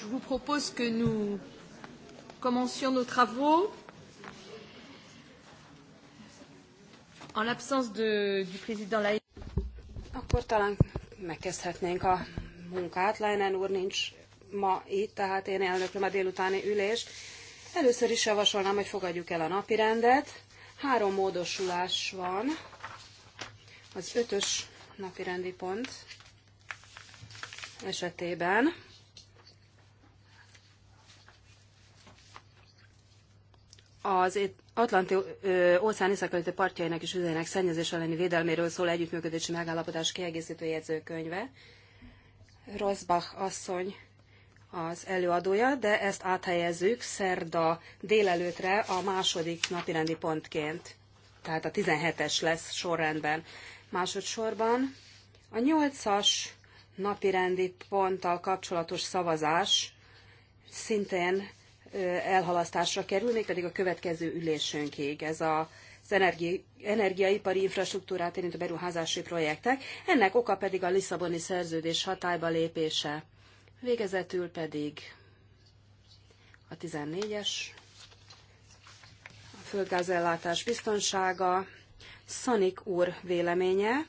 Je vous propose que nous commencions nos travaux. En l'absence du président Leinen. Akkor talán megkezdhetnénk a munkát. Leinen úr nincs ma itt, tehát én elnöklöm a délutáni ülés. Először is javasolnám, hogy fogadjuk el a napi rendet. Három módosulás van. Az ötös napirendi pont esetében. Az Atlanti óceán északkeleti partjainak és üzenek szennyezés elleni védelméről szól együttműködési megállapodás kiegészítő jegyzőkönyve. Rosbach asszony az előadója, de ezt áthelyezzük szerda délelőtre a második napirendi pontként. Tehát a 17-es lesz sorrendben. Másodszorban a nyolcas napirendi ponttal kapcsolatos szavazás szintén elhalasztásra kerül, mégpedig a következő ülésünkig. Ez a az energi, energiaipari infrastruktúrát érintő beruházási projektek, ennek oka pedig a Lisszaboni szerződés hatályba lépése. Végezetül pedig a 14-es, a földgázellátás biztonsága, Szanik úr véleménye.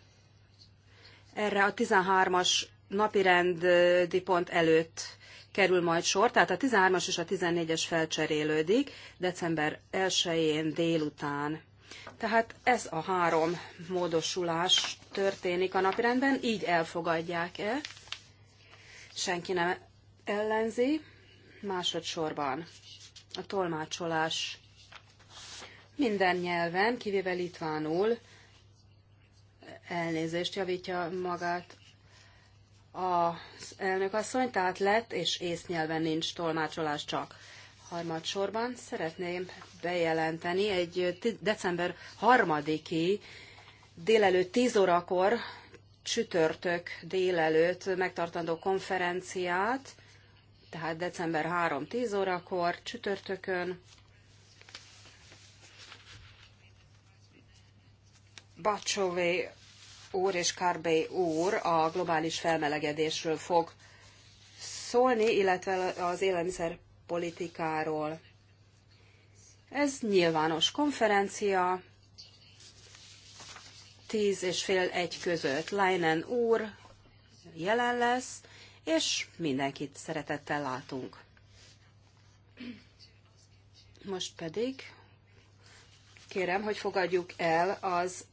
Erre a 13-as napirendi pont előtt kerül majd sor, tehát a 13-as és a 14-es felcserélődik december 1-én délután. Tehát ez a három módosulás történik a napirendben, így elfogadják-e? Senki nem ellenzi. Másodszorban a tolmácsolás minden nyelven, kivéve litvánul, elnézést javítja magát az elnök asszony, tehát lett, és észnyelven nincs tolmácsolás csak. Harmadsorban szeretném bejelenteni egy december harmadiki délelőtt 10 órakor csütörtök délelőtt megtartandó konferenciát, tehát december 3-10 órakor csütörtökön, Bacsové úr és Kárbé úr a globális felmelegedésről fog szólni, illetve az élelmiszerpolitikáról. Ez nyilvános konferencia, tíz és fél egy között Leinen úr jelen lesz, és mindenkit szeretettel látunk. Most pedig kérem, hogy fogadjuk el az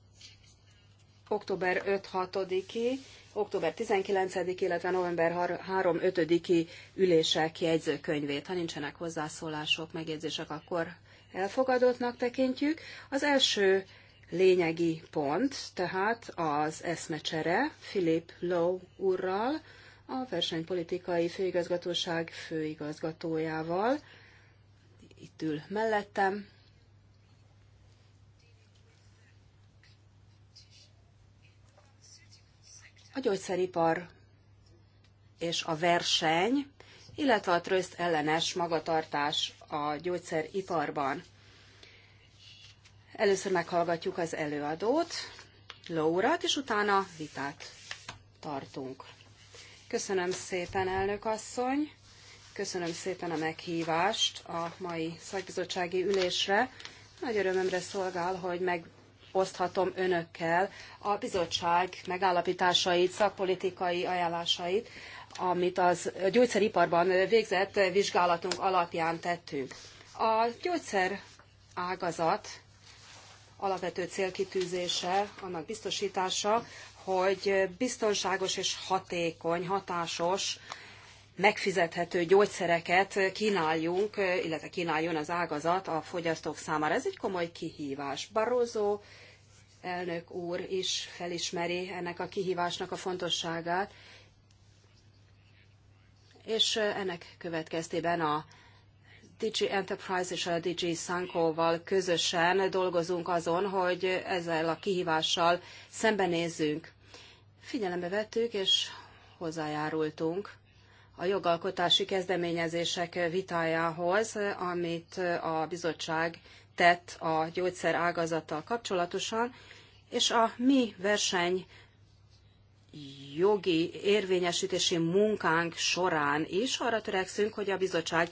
október 5-6-i, október 19 illetve november 3-5-i ülések jegyzőkönyvét. Ha nincsenek hozzászólások, megjegyzések, akkor elfogadottnak tekintjük. Az első lényegi pont, tehát az eszmecsere Philip Lowe úrral, a versenypolitikai főigazgatóság főigazgatójával. Itt ül mellettem, a gyógyszeripar és a verseny, illetve a tröszt ellenes magatartás a gyógyszeriparban. Először meghallgatjuk az előadót, Lórat, és utána vitát tartunk. Köszönöm szépen, elnök asszony! Köszönöm szépen a meghívást a mai szakbizottsági ülésre. Nagy örömömre szolgál, hogy meg oszthatom önökkel a bizottság megállapításait, szakpolitikai ajánlásait, amit az gyógyszeriparban végzett vizsgálatunk alapján tettünk. A gyógyszer ágazat alapvető célkitűzése, annak biztosítása, hogy biztonságos és hatékony, hatásos, megfizethető gyógyszereket kínáljunk, illetve kínáljon az ágazat a fogyasztók számára. Ez egy komoly kihívás. Barroso elnök úr is felismeri ennek a kihívásnak a fontosságát, és ennek következtében a DG Enterprise és a DG Sankoval közösen dolgozunk azon, hogy ezzel a kihívással szembenézzünk. Figyelembe vettük és hozzájárultunk a jogalkotási kezdeményezések vitájához, amit a bizottság tett a gyógyszer ágazattal kapcsolatosan, és a mi verseny jogi érvényesítési munkánk során is arra törekszünk, hogy a bizottság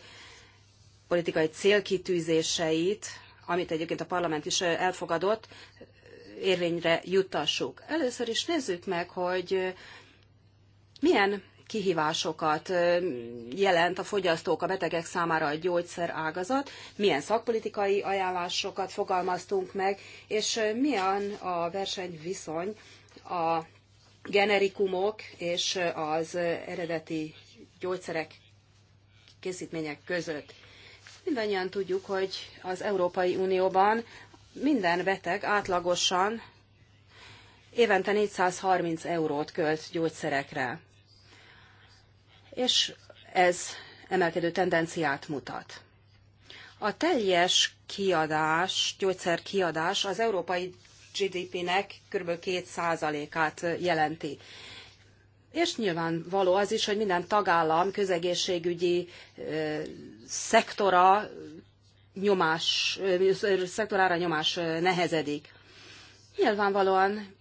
politikai célkitűzéseit, amit egyébként a parlament is elfogadott, érvényre juttassuk. Először is nézzük meg, hogy milyen kihívásokat jelent a fogyasztók, a betegek számára a gyógyszerágazat, milyen szakpolitikai ajánlásokat fogalmaztunk meg, és milyen a versenyviszony a generikumok és az eredeti gyógyszerek készítmények között. Mindannyian tudjuk, hogy az Európai Unióban minden beteg átlagosan évente 430 eurót költ gyógyszerekre és ez emelkedő tendenciát mutat. A teljes kiadás, kiadás az európai GDP-nek kb. 2%-át jelenti. És nyilván való az is, hogy minden tagállam közegészségügyi szektora nyomás, szektorára nyomás nehezedik. Nyilvánvalóan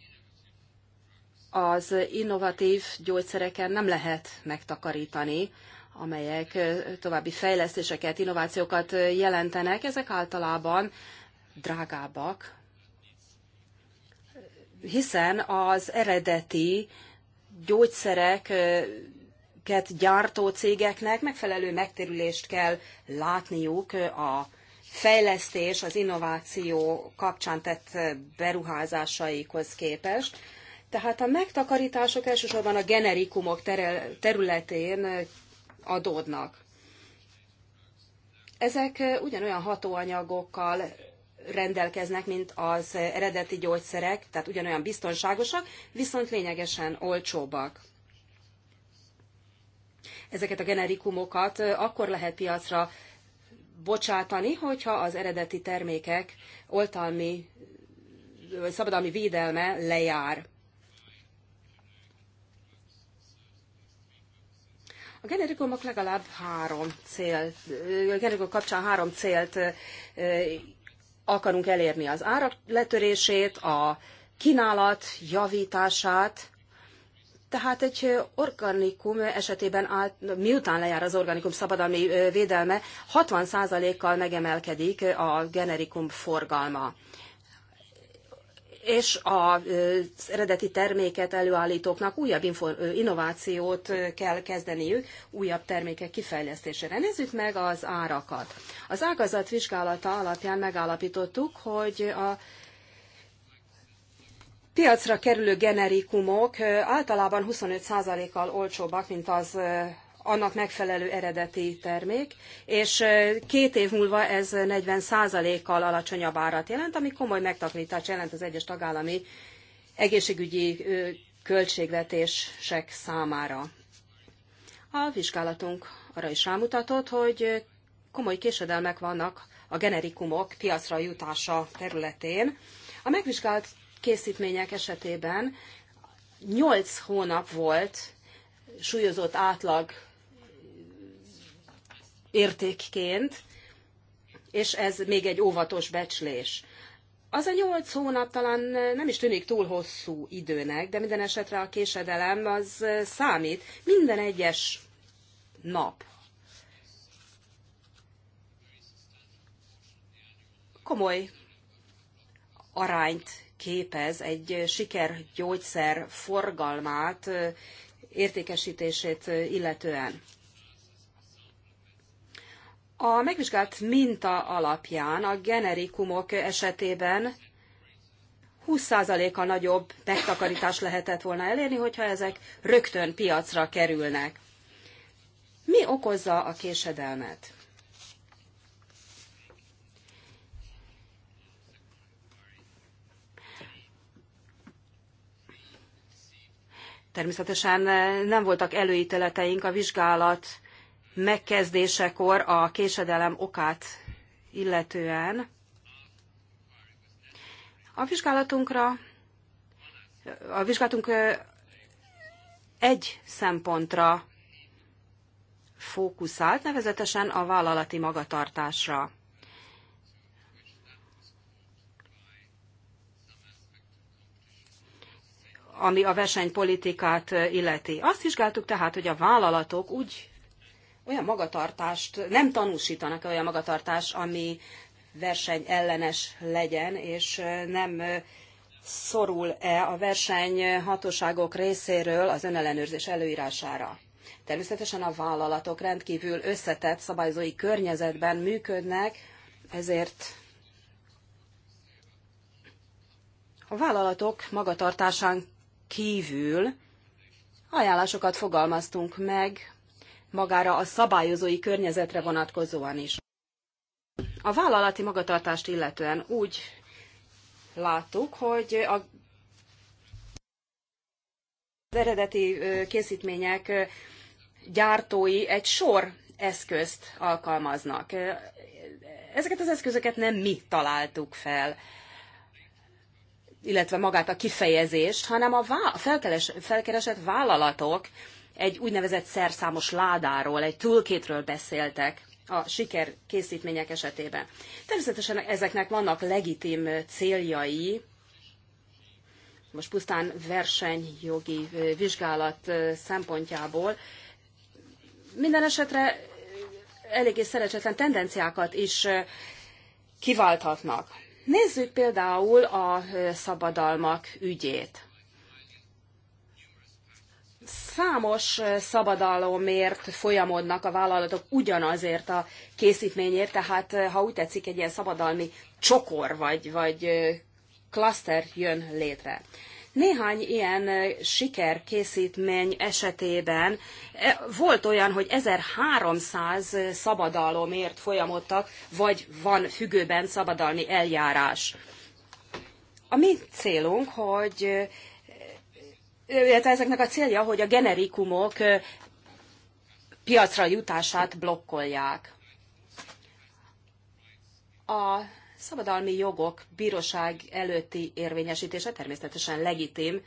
az innovatív gyógyszereken nem lehet megtakarítani, amelyek további fejlesztéseket, innovációkat jelentenek. Ezek általában drágábbak, hiszen az eredeti gyógyszereket gyártó cégeknek megfelelő megtérülést kell látniuk a fejlesztés, az innováció kapcsán tett beruházásaikhoz képest. Tehát a megtakarítások elsősorban a generikumok területén adódnak. Ezek ugyanolyan hatóanyagokkal rendelkeznek, mint az eredeti gyógyszerek, tehát ugyanolyan biztonságosak, viszont lényegesen olcsóbbak. Ezeket a generikumokat akkor lehet piacra bocsátani, hogyha az eredeti termékek oltalmi, szabadalmi védelme lejár. A generikumok legalább három cél, a generikumok kapcsán három célt akarunk elérni. Az árak letörését, a kínálat javítását, tehát egy organikum esetében állt, miután lejár az organikum szabadalmi védelme, 60%-kal megemelkedik a generikum forgalma és az eredeti terméket előállítóknak újabb innovációt kell kezdeniük újabb termékek kifejlesztésére. Nézzük meg az árakat. Az ágazat vizsgálata alapján megállapítottuk, hogy a piacra kerülő generikumok általában 25%-kal olcsóbbak, mint az annak megfelelő eredeti termék, és két év múlva ez 40%-kal alacsonyabb árat jelent, ami komoly megtakarítás jelent az egyes tagállami egészségügyi költségvetések számára. A vizsgálatunk arra is rámutatott, hogy komoly késedelmek vannak a generikumok piacra jutása területén. A megvizsgált készítmények esetében 8 hónap volt súlyozott átlag értékként, és ez még egy óvatos becslés. Az a nyolc hónap talán nem is tűnik túl hosszú időnek, de minden esetre a késedelem az számít. Minden egyes nap komoly arányt képez egy sikergyógyszer forgalmát, értékesítését illetően. A megvizsgált minta alapján a generikumok esetében 20%-a nagyobb megtakarítás lehetett volna elérni, hogyha ezek rögtön piacra kerülnek. Mi okozza a késedelmet? Természetesen nem voltak előítéleteink a vizsgálat megkezdésekor a késedelem okát illetően. A vizsgálatunkra, a vizsgálatunk egy szempontra fókuszált, nevezetesen a vállalati magatartásra. ami a versenypolitikát illeti. Azt vizsgáltuk tehát, hogy a vállalatok úgy olyan magatartást, nem tanúsítanak olyan magatartást, ami versenyellenes legyen, és nem szorul-e a versenyhatóságok részéről az önellenőrzés előírására. Természetesen a vállalatok rendkívül összetett szabályozói környezetben működnek, ezért a vállalatok magatartásán kívül ajánlásokat fogalmaztunk meg magára a szabályozói környezetre vonatkozóan is. A vállalati magatartást illetően úgy láttuk, hogy a az eredeti készítmények gyártói egy sor eszközt alkalmaznak. Ezeket az eszközöket nem mi találtuk fel, illetve magát a kifejezést, hanem a felkeresett vállalatok egy úgynevezett szerszámos ládáról, egy toolkitről beszéltek a siker készítmények esetében. Természetesen ezeknek vannak legitim céljai, most pusztán versenyjogi vizsgálat szempontjából. Minden esetre eléggé szerencsétlen tendenciákat is kiválthatnak. Nézzük például a szabadalmak ügyét számos szabadalomért folyamodnak a vállalatok ugyanazért a készítményért, tehát ha úgy tetszik, egy ilyen szabadalmi csokor vagy, vagy klaszter jön létre. Néhány ilyen sikerkészítmény esetében e, volt olyan, hogy 1300 szabadalomért folyamodtak, vagy van függőben szabadalmi eljárás. A mi célunk, hogy illetve ezeknek a célja, hogy a generikumok piacra jutását blokkolják. A szabadalmi jogok bíróság előtti érvényesítése természetesen legitim.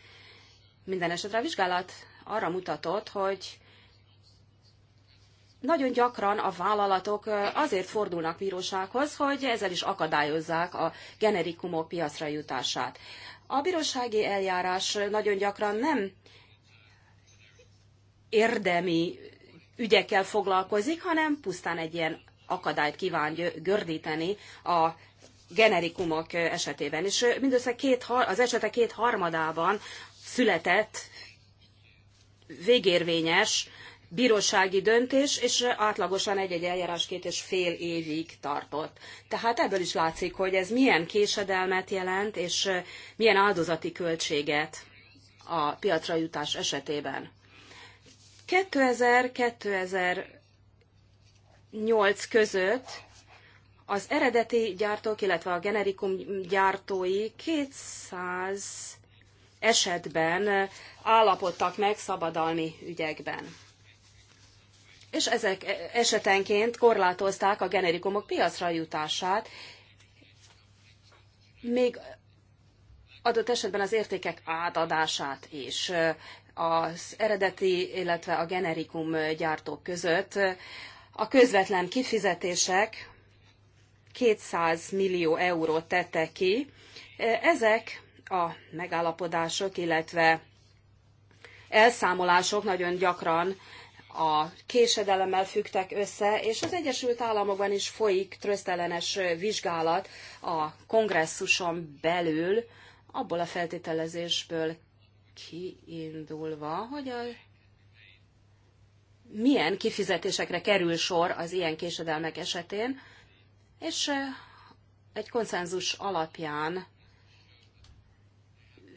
Minden esetre a vizsgálat arra mutatott, hogy nagyon gyakran a vállalatok azért fordulnak bírósághoz, hogy ezzel is akadályozzák a generikumok piacra jutását. A bírósági eljárás nagyon gyakran nem érdemi ügyekkel foglalkozik, hanem pusztán egy ilyen akadályt kíván gördíteni a generikumok esetében. És mindössze két, az esetek két harmadában született végérvényes bírósági döntés, és átlagosan egy-egy eljárás két és fél évig tartott. Tehát ebből is látszik, hogy ez milyen késedelmet jelent, és milyen áldozati költséget a piacra jutás esetében. 2000-2008 között az eredeti gyártók, illetve a generikum gyártói 200 esetben állapodtak meg szabadalmi ügyekben és ezek esetenként korlátozták a generikumok piacra jutását, még adott esetben az értékek átadását is az eredeti, illetve a generikum gyártók között. A közvetlen kifizetések 200 millió eurót tettek ki. Ezek a megállapodások, illetve elszámolások nagyon gyakran a késedelemmel fügtek össze, és az Egyesült Államokban is folyik trösztellenes vizsgálat a kongresszuson belül, abból a feltételezésből kiindulva, hogy a milyen kifizetésekre kerül sor az ilyen késedelmek esetén, és egy konszenzus alapján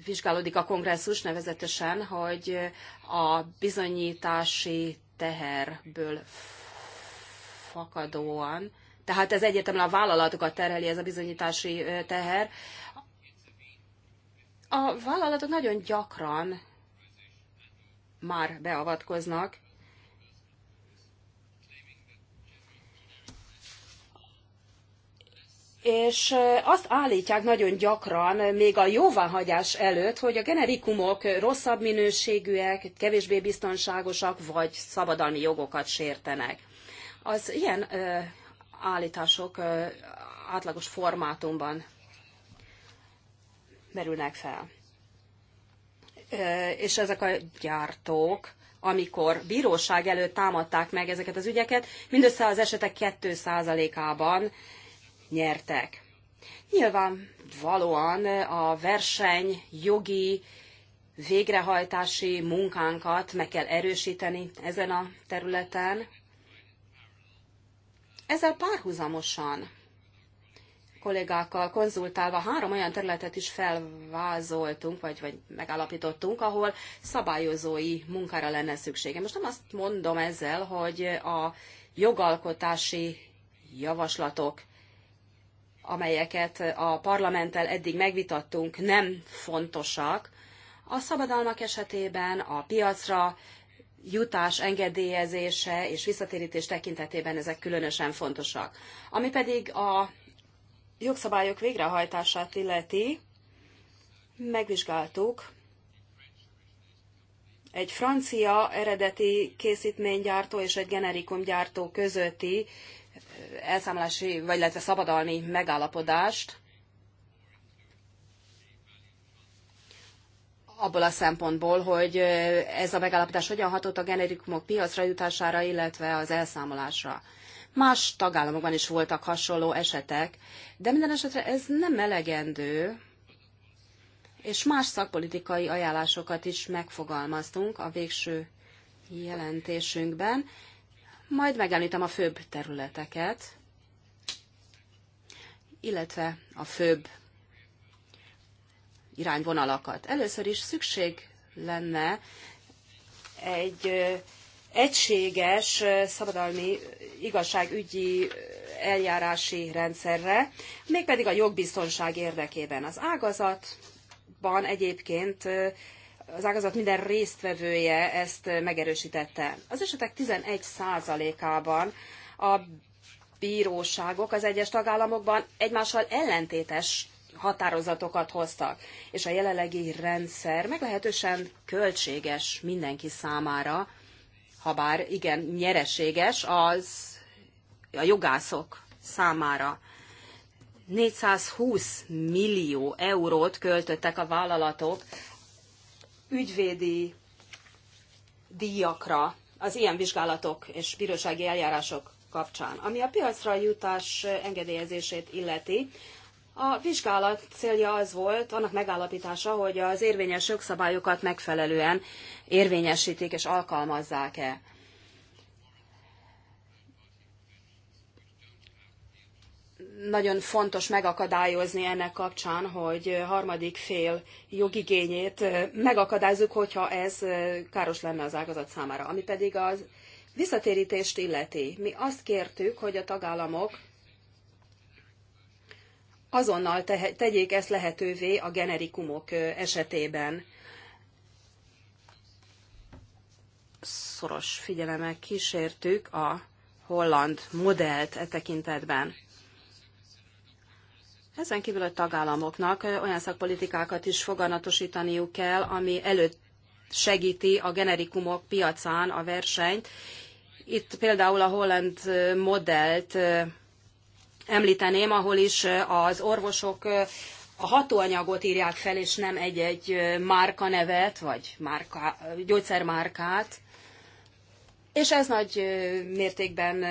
vizsgálódik a kongresszus nevezetesen, hogy a bizonyítási teherből fakadóan, tehát ez egyértelműen a vállalatokat terheli ez a bizonyítási teher. A vállalatok nagyon gyakran már beavatkoznak, és azt állítják nagyon gyakran, még a jóváhagyás előtt, hogy a generikumok rosszabb minőségűek, kevésbé biztonságosak, vagy szabadalmi jogokat sértenek. Az ilyen állítások átlagos formátumban merülnek fel. És ezek a gyártók, amikor bíróság előtt támadták meg ezeket az ügyeket, mindössze az esetek 2%-ában nyertek. Nyilván valóan a verseny jogi végrehajtási munkánkat meg kell erősíteni ezen a területen. Ezzel párhuzamosan kollégákkal konzultálva három olyan területet is felvázoltunk, vagy, vagy megállapítottunk, ahol szabályozói munkára lenne szüksége. Most nem azt mondom ezzel, hogy a jogalkotási javaslatok amelyeket a parlamenttel eddig megvitattunk, nem fontosak. A szabadalmak esetében a piacra jutás engedélyezése és visszatérítés tekintetében ezek különösen fontosak. Ami pedig a jogszabályok végrehajtását illeti, megvizsgáltuk egy francia eredeti készítménygyártó és egy generikumgyártó közötti elszámolási, vagy illetve szabadalmi megállapodást, abból a szempontból, hogy ez a megállapodás hogyan hatott a generikumok piacra jutására, illetve az elszámolásra. Más tagállamokban is voltak hasonló esetek, de minden esetre ez nem elegendő, és más szakpolitikai ajánlásokat is megfogalmaztunk a végső jelentésünkben, majd megemlítem a főbb területeket, illetve a főbb irányvonalakat. Először is szükség lenne egy egységes szabadalmi igazságügyi eljárási rendszerre, mégpedig a jogbiztonság érdekében. Az ágazatban egyébként az ágazat minden résztvevője ezt megerősítette. Az esetek 11%-ában a bíróságok az egyes tagállamokban egymással ellentétes határozatokat hoztak, és a jelenlegi rendszer meglehetősen költséges mindenki számára, ha bár igen nyereséges az a jogászok számára. 420 millió eurót költöttek a vállalatok ügyvédi díjakra az ilyen vizsgálatok és bírósági eljárások kapcsán. Ami a piacra jutás engedélyezését illeti, a vizsgálat célja az volt, annak megállapítása, hogy az érvényes jogszabályokat megfelelően érvényesítik és alkalmazzák-e. nagyon fontos megakadályozni ennek kapcsán, hogy harmadik fél jogigényét megakadályozzuk, hogyha ez káros lenne az ágazat számára. Ami pedig az visszatérítést illeti. Mi azt kértük, hogy a tagállamok azonnal tegyék ezt lehetővé a generikumok esetében. Szoros figyelemmel kísértük a holland modellt e tekintetben. Ezen kívül a tagállamoknak olyan szakpolitikákat is foganatosítaniuk kell, ami előtt segíti a generikumok piacán a versenyt. Itt például a holland modellt említeném, ahol is az orvosok a hatóanyagot írják fel, és nem egy-egy márkanevet, vagy márka, gyógyszermárkát. És ez nagy mértékben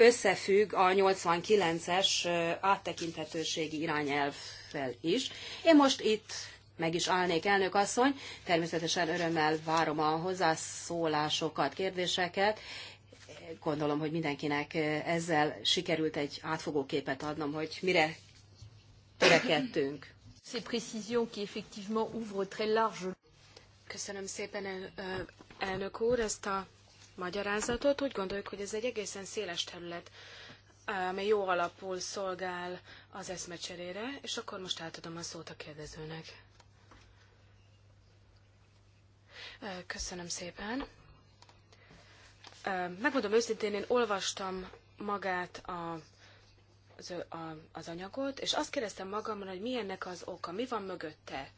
összefügg a 89-es áttekinthetőségi irányelvvel is. Én most itt meg is állnék, elnök asszony. Természetesen örömmel várom a hozzászólásokat, kérdéseket. Gondolom, hogy mindenkinek ezzel sikerült egy átfogó képet adnom, hogy mire törekedtünk. Ces précisions qui effectivement ouvrent très large. Köszönöm szépen, elnök úr, ezt a magyarázatot. Úgy gondoljuk, hogy ez egy egészen széles terület, ami jó alapul szolgál az eszmecserére, és akkor most átadom a szót a kérdezőnek. Köszönöm szépen. Megmondom őszintén, én olvastam magát a az, a, az anyagot, és azt kérdeztem magamra, hogy mi ennek az oka, mi van mögötte.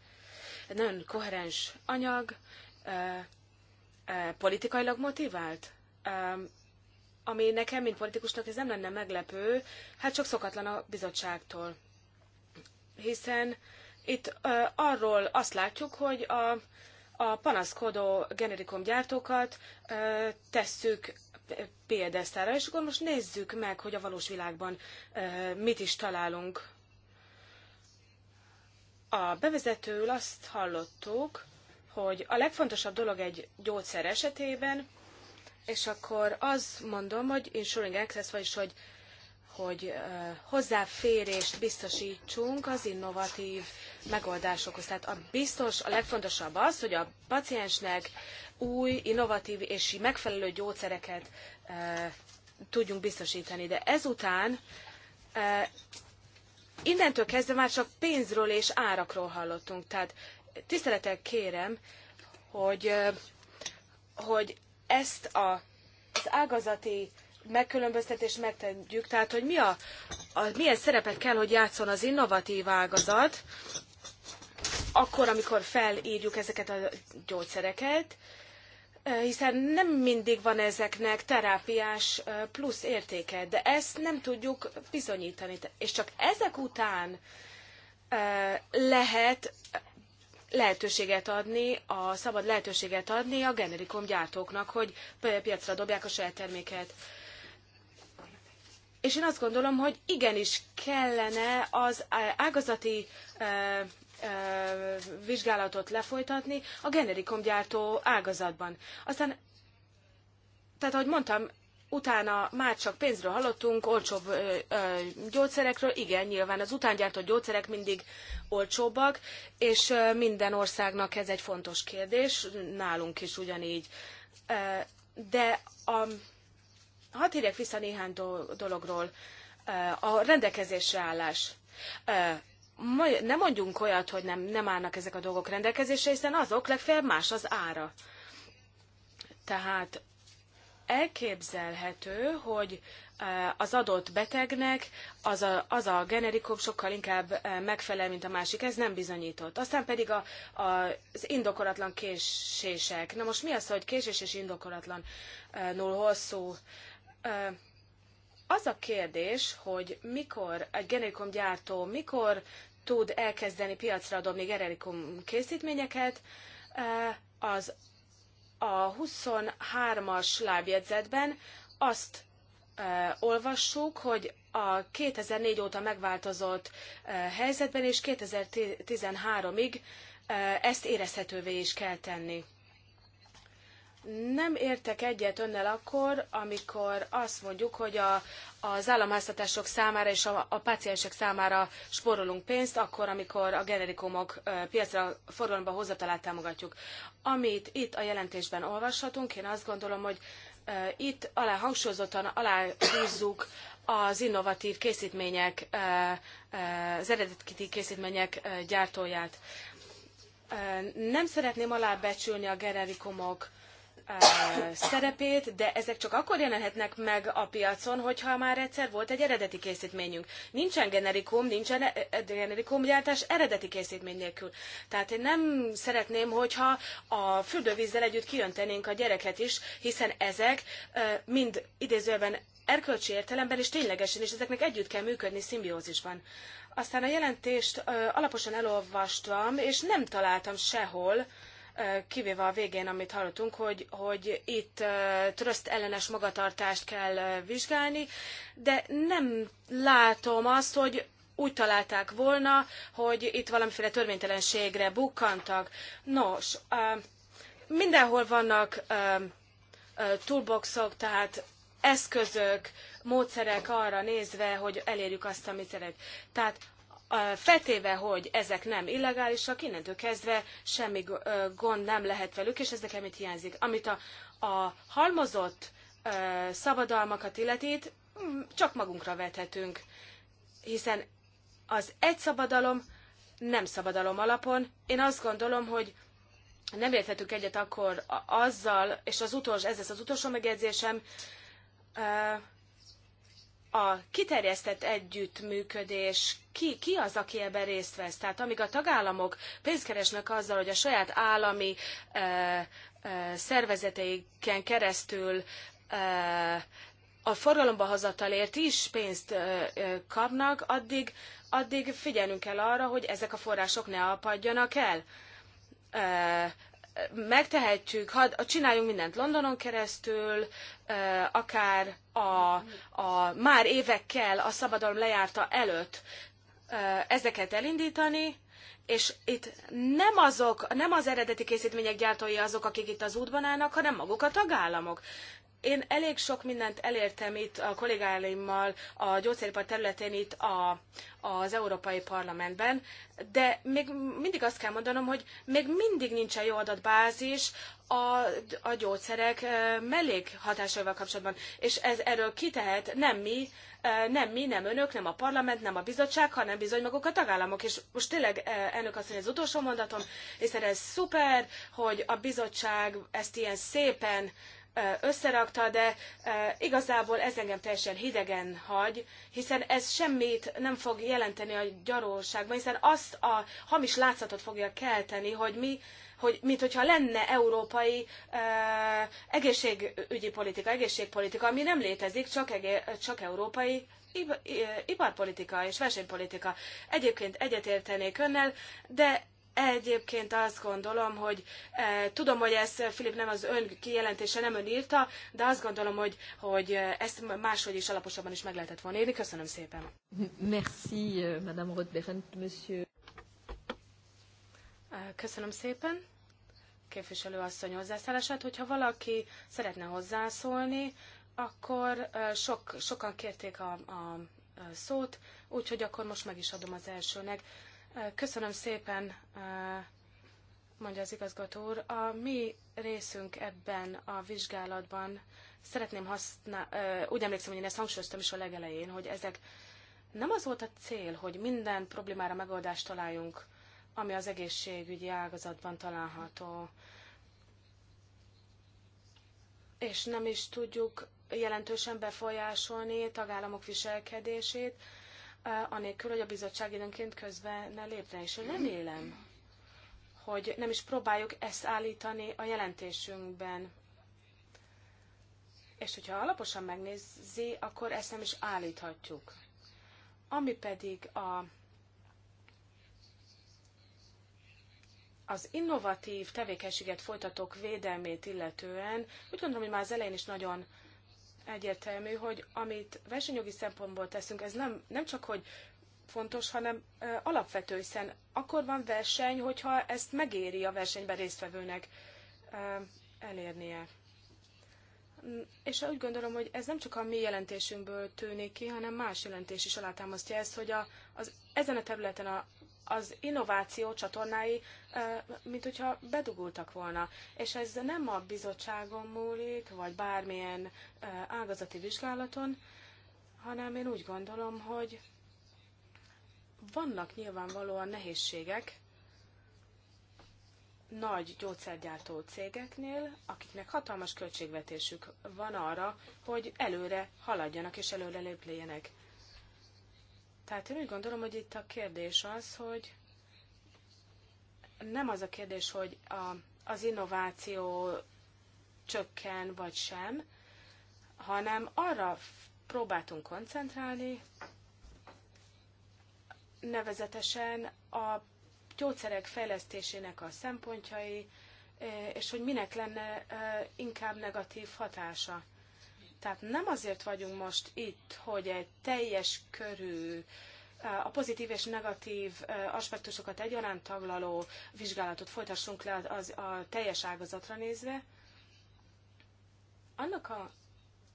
Egy nagyon koherens anyag, politikailag motivált? Ami nekem, mint politikusnak ez nem lenne meglepő, hát csak szokatlan a bizottságtól. Hiszen itt arról azt látjuk, hogy a, a panaszkodó generikum gyártókat tesszük példesztára, és akkor most nézzük meg, hogy a valós világban mit is találunk. A bevezetőül azt hallottuk, hogy a legfontosabb dolog egy gyógyszer esetében, és akkor azt mondom, hogy insuring access, vagyis hogy, hogy hozzáférést biztosítsunk az innovatív megoldásokhoz. Tehát a biztos, a legfontosabb az, hogy a paciensnek új, innovatív és megfelelő gyógyszereket tudjunk biztosítani. De ezután innentől kezdve már csak pénzről és árakról hallottunk. Tehát tisztelettel kérem, hogy, hogy ezt a, az ágazati megkülönböztetést megtegyük, tehát hogy mi a, a, milyen szerepet kell, hogy játszon az innovatív ágazat, akkor, amikor felírjuk ezeket a gyógyszereket, hiszen nem mindig van ezeknek terápiás plusz értéke, de ezt nem tudjuk bizonyítani. És csak ezek után lehet lehetőséget adni, a szabad lehetőséget adni a generikum gyártóknak, hogy piacra dobják a saját terméket. És én azt gondolom, hogy igenis kellene az eh, ágazati eh, eh, vizsgálatot lefolytatni a generikumgyártó ágazatban. Aztán, tehát ahogy mondtam, utána már csak pénzről hallottunk, olcsóbb ö, ö, gyógyszerekről, igen, nyilván az utángyártott gyógyszerek mindig olcsóbbak, és ö, minden országnak ez egy fontos kérdés, nálunk is ugyanígy. Ö, de a, hadd hívjak vissza néhány do- dologról. Ö, a rendelkezésre állás. Ö, ne mondjunk olyat, hogy nem, nem állnak ezek a dolgok rendelkezésre, hiszen azok legfeljebb más az ára. Tehát elképzelhető, hogy e, az adott betegnek az a, az a generikum sokkal inkább e, megfelel, mint a másik. Ez nem bizonyított. Aztán pedig a, a, az indokolatlan késések. Na most mi az, hogy késés és indokolatlanul hosszú? E, az a kérdés, hogy mikor egy generikum gyártó mikor tud elkezdeni piacra dobni generikum készítményeket, az a 23-as lábjegyzetben azt e, olvassuk, hogy a 2004 óta megváltozott e, helyzetben és 2013-ig e, ezt érezhetővé is kell tenni nem értek egyet önnel akkor, amikor azt mondjuk, hogy a, az államháztatások számára és a, a páciensek számára spórolunk pénzt, akkor, amikor a generikumok piacra forgalomba hozatalát támogatjuk. Amit itt a jelentésben olvashatunk, én azt gondolom, hogy itt alá hangsúlyozottan aláhúzzuk az innovatív készítmények, az eredeti készítmények gyártóját. Nem szeretném alábecsülni a generikumok szerepét, de ezek csak akkor jelenhetnek meg a piacon, hogyha már egyszer volt egy eredeti készítményünk. Nincsen generikum, nincsen e, e, generikumgyártás eredeti készítmény nélkül. Tehát én nem szeretném, hogyha a fürdővízzel együtt kijöntenénk a gyereket is, hiszen ezek mind idézőben erkölcsi értelemben és ténylegesen, és ezeknek együtt kell működni szimbiózisban. Aztán a jelentést alaposan elolvastam, és nem találtam sehol, kivéve a végén, amit hallottunk, hogy, hogy itt tröszt ellenes magatartást kell vizsgálni, de nem látom azt, hogy úgy találták volna, hogy itt valamiféle törvénytelenségre bukkantak. Nos, mindenhol vannak toolboxok, tehát eszközök, módszerek arra nézve, hogy elérjük azt, amit szeret. Tehát Feltéve, hogy ezek nem illegálisak, innentől kezdve semmi gond nem lehet velük, és ez nekem itt hiányzik. Amit a, a halmozott szabadalmakat illeti, mm, csak magunkra vethetünk, hiszen az egy szabadalom nem szabadalom alapon. Én azt gondolom, hogy nem érthetünk egyet akkor azzal, és az utolsó, ez lesz az utolsó megjegyzésem, a kiterjesztett együttműködés, ki, ki az, aki ebben részt vesz? Tehát amíg a tagállamok pénzt keresnek azzal, hogy a saját állami e, szervezeteiken keresztül a forgalomba hozatalért is pénzt kapnak, addig, addig figyelnünk kell arra, hogy ezek a források ne apadjanak el. megtehetjük, had, csináljunk mindent Londonon keresztül, akár a, a már évekkel a szabadalom lejárta előtt ezeket elindítani, és itt nem azok, nem az eredeti készítmények gyártói azok, akik itt az útban állnak, hanem maguk a tagállamok. Én elég sok mindent elértem itt a kollégáimmal a gyógyszeripar területén itt a, az Európai Parlamentben, de még mindig azt kell mondanom, hogy még mindig nincsen jó adatbázis a, a gyógyszerek mellékhatásaival kapcsolatban. És ez erről kitehet nem mi, nem mi, nem önök, nem a parlament, nem a bizottság, hanem bizony maguk a tagállamok. És most tényleg elnök azt mondja, az utolsó mondatom, és ez szuper, hogy a bizottság ezt ilyen szépen összerakta, de igazából ez engem teljesen hidegen hagy, hiszen ez semmit nem fog jelenteni a gyarulságban, hiszen azt a hamis látszatot fogja kelteni, hogy mi hogy mint hogyha lenne európai egészségügyi politika, egészségpolitika, ami nem létezik, csak, egé, csak európai iparpolitika és versenypolitika. Egyébként egyetértenék önnel, de Egyébként azt gondolom, hogy e, tudom, hogy ezt Filip nem az ön kijelentése, nem ön írta, de azt gondolom, hogy, hogy ezt máshogy is alaposabban is meg lehetett volna írni. Köszönöm szépen. Merci, euh, Madame Rothberend, Monsieur. E, köszönöm szépen képviselő asszony hozzászállását. Hogyha valaki szeretne hozzászólni, akkor e, sok, sokan kérték a, a szót, úgyhogy akkor most meg is adom az elsőnek. Köszönöm szépen, mondja az igazgató úr. A mi részünk ebben a vizsgálatban szeretném használni, úgy emlékszem, hogy én ezt hangsúlyoztam is a legelején, hogy ezek nem az volt a cél, hogy minden problémára megoldást találjunk, ami az egészségügyi ágazatban található. És nem is tudjuk jelentősen befolyásolni tagállamok viselkedését, Eh, anélkül, hogy a bizottság időnként közben ne lépne, és remélem, hogy nem is próbáljuk ezt állítani a jelentésünkben. És hogyha alaposan megnézi, akkor ezt nem is állíthatjuk. Ami pedig a, az innovatív tevékenységet folytatók védelmét illetően, úgy gondolom, hogy már az elején is nagyon egyértelmű, hogy amit versenyjogi szempontból teszünk, ez nem, nem csak, hogy fontos, hanem ö, alapvető, hiszen akkor van verseny, hogyha ezt megéri a versenyben résztvevőnek ö, elérnie. És úgy gondolom, hogy ez nem csak a mi jelentésünkből tűnik ki, hanem más jelentés is alátámasztja ezt, hogy a, az, ezen a területen a az innováció csatornái, mint hogyha bedugultak volna. És ez nem a bizottságon múlik, vagy bármilyen ágazati vizsgálaton, hanem én úgy gondolom, hogy vannak nyilvánvalóan nehézségek nagy gyógyszergyártó cégeknél, akiknek hatalmas költségvetésük van arra, hogy előre haladjanak és előre lépjenek. Tehát én úgy gondolom, hogy itt a kérdés az, hogy nem az a kérdés, hogy a, az innováció csökken vagy sem, hanem arra próbáltunk koncentrálni, nevezetesen a gyógyszerek fejlesztésének a szempontjai, eh, és hogy minek lenne eh, inkább negatív hatása. Tehát nem azért vagyunk most itt, hogy egy teljes körű a pozitív és negatív aspektusokat egyaránt taglaló vizsgálatot folytassunk le az, a teljes ágazatra nézve, annak a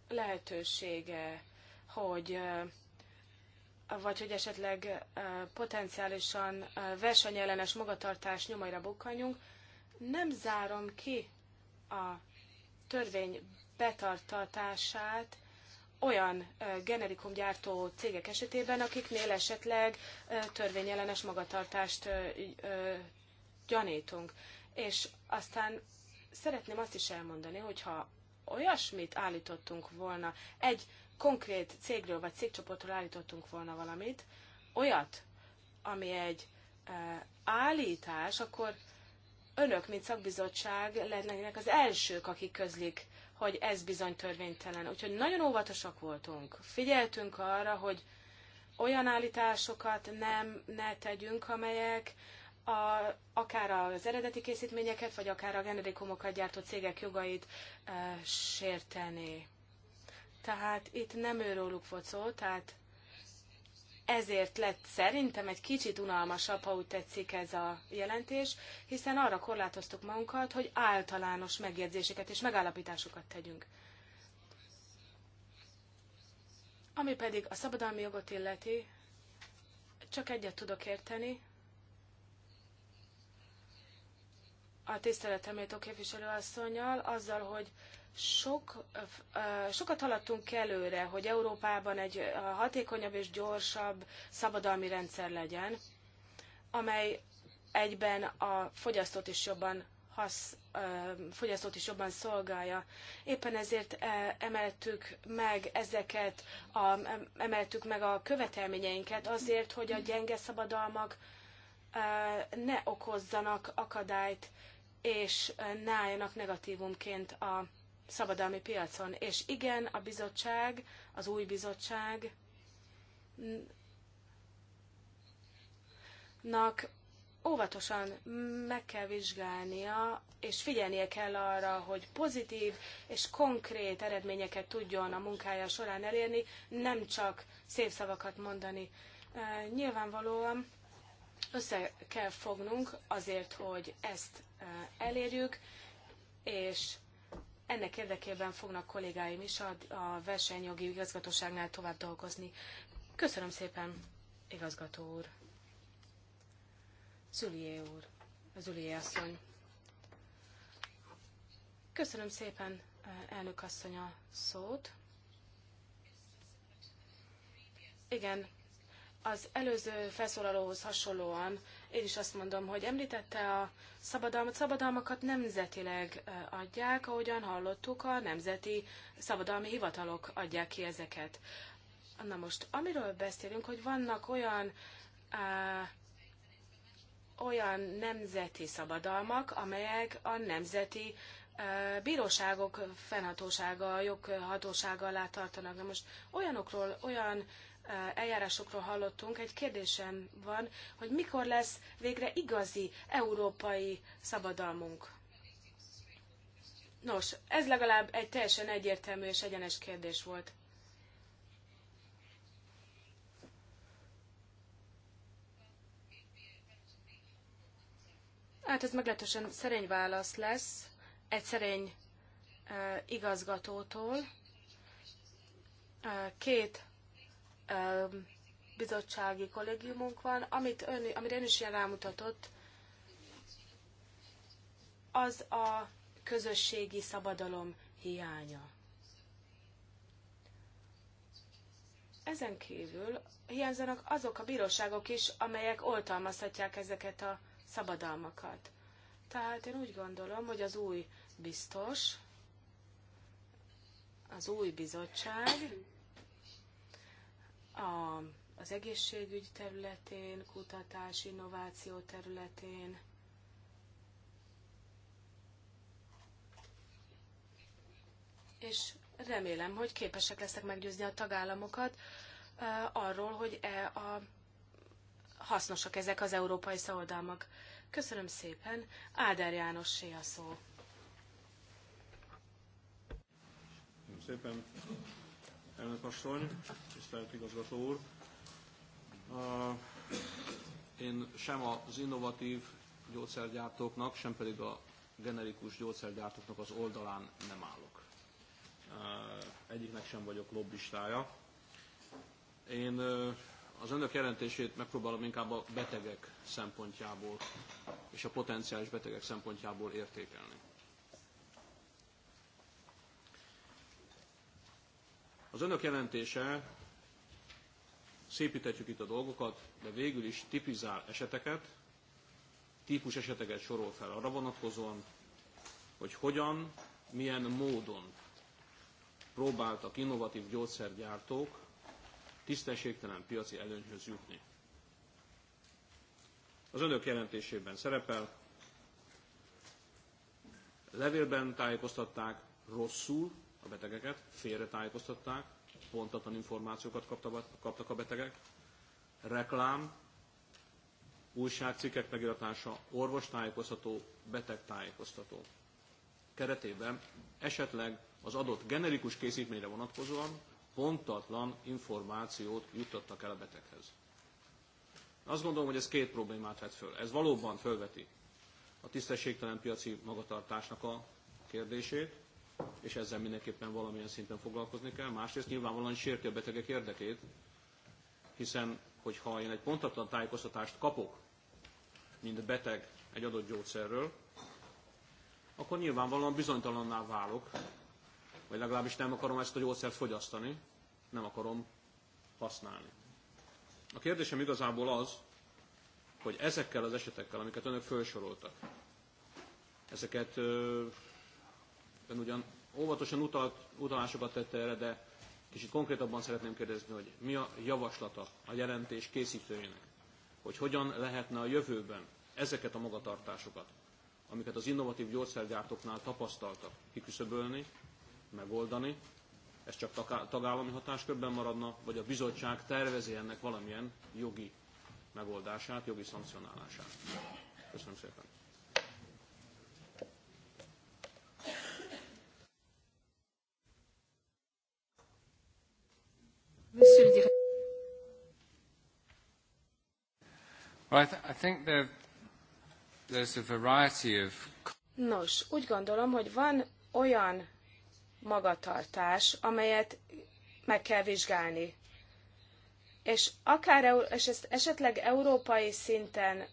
lehetősége, hogy vagy hogy esetleg potenciálisan versenyellenes magatartás nyomaira bukkanjunk, nem zárom ki a törvény betartatását olyan generikumgyártó cégek esetében, akiknél esetleg törvényellenes magatartást gyanítunk. És aztán szeretném azt is elmondani, hogyha olyasmit állítottunk volna, egy konkrét cégről vagy cégcsoportról állítottunk volna valamit, olyat, ami egy állítás, akkor önök, mint szakbizottság lennének az elsők, akik közlik hogy ez bizony törvénytelen. Úgyhogy nagyon óvatosak voltunk. Figyeltünk arra, hogy olyan állításokat nem ne tegyünk, amelyek a, akár az eredeti készítményeket, vagy akár a generikumokat gyártó cégek jogait e, sértené. Tehát itt nem őróluk volt szó, tehát ezért lett szerintem egy kicsit unalmasabb, ha úgy tetszik ez a jelentés, hiszen arra korlátoztuk magunkat, hogy általános megjegyzéseket és megállapításokat tegyünk. Ami pedig a szabadalmi jogot illeti, csak egyet tudok érteni. A tiszteleteméltó képviselőasszonyjal, azzal, hogy sok, sokat haladtunk előre, hogy Európában egy hatékonyabb és gyorsabb szabadalmi rendszer legyen, amely egyben a fogyasztót is jobban hasz, fogyasztót is jobban szolgálja. Éppen ezért emeltük meg ezeket, a, emeltük meg a követelményeinket azért, hogy a gyenge szabadalmak ne okozzanak akadályt, és ne álljanak negatívumként a szabadalmi piacon. És igen, a bizottság, az új bizottság nak óvatosan meg kell vizsgálnia, és figyelnie kell arra, hogy pozitív és konkrét eredményeket tudjon a munkája során elérni, nem csak szép szavakat mondani. Nyilvánvalóan össze kell fognunk azért, hogy ezt elérjük, és ennek érdekében fognak kollégáim is a, a versenyjogi igazgatóságnál tovább dolgozni. Köszönöm szépen, igazgató úr. Zülié úr, Zülié asszony. Köszönöm szépen, elnök asszony a szót. Igen, az előző felszólalóhoz hasonlóan én is azt mondom, hogy említette a szabadalmat. Szabadalmakat nemzetileg adják, ahogyan hallottuk, a nemzeti szabadalmi hivatalok adják ki ezeket. Na most, amiről beszélünk, hogy vannak olyan á, olyan nemzeti szabadalmak, amelyek a nemzeti bíróságok fennhatósága, joghatósága alá tartanak. Na most olyanokról, olyan Eh, eljárásokról hallottunk, egy kérdésem van, hogy mikor lesz végre igazi európai szabadalmunk? Nos, ez legalább egy teljesen egyértelmű és egyenes kérdés volt. Hát ez meglehetősen szerény válasz lesz egy szerény uh, igazgatótól. Uh, két bizottsági kollégiumunk van, amit ön, amire ön is rámutatott, az a közösségi szabadalom hiánya. Ezen kívül hiányzanak azok a bíróságok is, amelyek oltalmazhatják ezeket a szabadalmakat. Tehát én úgy gondolom, hogy az új biztos, az új bizottság a, az egészségügy területén, kutatás, innováció területén, és remélem, hogy képesek lesznek meggyőzni a tagállamokat arról, hogy e a hasznosak ezek az európai szabadalmak. Köszönöm szépen, Áder sé a szó. Köszönöm szépen, elnök asszony tisztelt igazgató úr. Én sem az innovatív gyógyszergyártóknak, sem pedig a generikus gyógyszergyártóknak az oldalán nem állok. Egyiknek sem vagyok lobbistája. Én az önök jelentését megpróbálom inkább a betegek szempontjából és a potenciális betegek szempontjából értékelni. Az önök jelentése szépítetjük itt a dolgokat, de végül is tipizál eseteket, típus eseteket sorol fel arra vonatkozóan, hogy hogyan, milyen módon próbáltak innovatív gyógyszergyártók tisztességtelen piaci előnyhöz jutni. Az önök jelentésében szerepel, levélben tájékoztatták rosszul a betegeket, félre tájékoztatták, pontatlan információkat kaptak a betegek, reklám, újságcikkek megiratása, orvostájékoztató, betegtájékoztató keretében esetleg az adott generikus készítményre vonatkozóan pontatlan információt juttattak el a beteghez. Azt gondolom, hogy ez két problémát vett föl. Ez valóban fölveti a tisztességtelen piaci magatartásnak a kérdését, és ezzel mindenképpen valamilyen szinten foglalkozni kell. Másrészt nyilvánvalóan sérti a betegek érdekét, hiszen hogyha én egy pontatlan tájékoztatást kapok, mint beteg egy adott gyógyszerről, akkor nyilvánvalóan bizonytalanná válok, vagy legalábbis nem akarom ezt a gyógyszert fogyasztani, nem akarom használni. A kérdésem igazából az, hogy ezekkel az esetekkel, amiket önök felsoroltak, ezeket Ön ugyan óvatosan utalt, utalásokat tette erre, de kicsit konkrétabban szeretném kérdezni, hogy mi a javaslata a jelentés készítőjének, hogy hogyan lehetne a jövőben ezeket a magatartásokat, amiket az innovatív gyógyszergyártóknál tapasztaltak, kiküszöbölni, megoldani, ez csak tagállami hatáskörben maradna, vagy a bizottság tervezi ennek valamilyen jogi megoldását, jogi szankcionálását. Köszönöm szépen. Monsieur le directeur. Nos, úgy gondolom, hogy van olyan magatartás, amelyet meg kell vizsgálni. És akár, és ezt esetleg európai szinten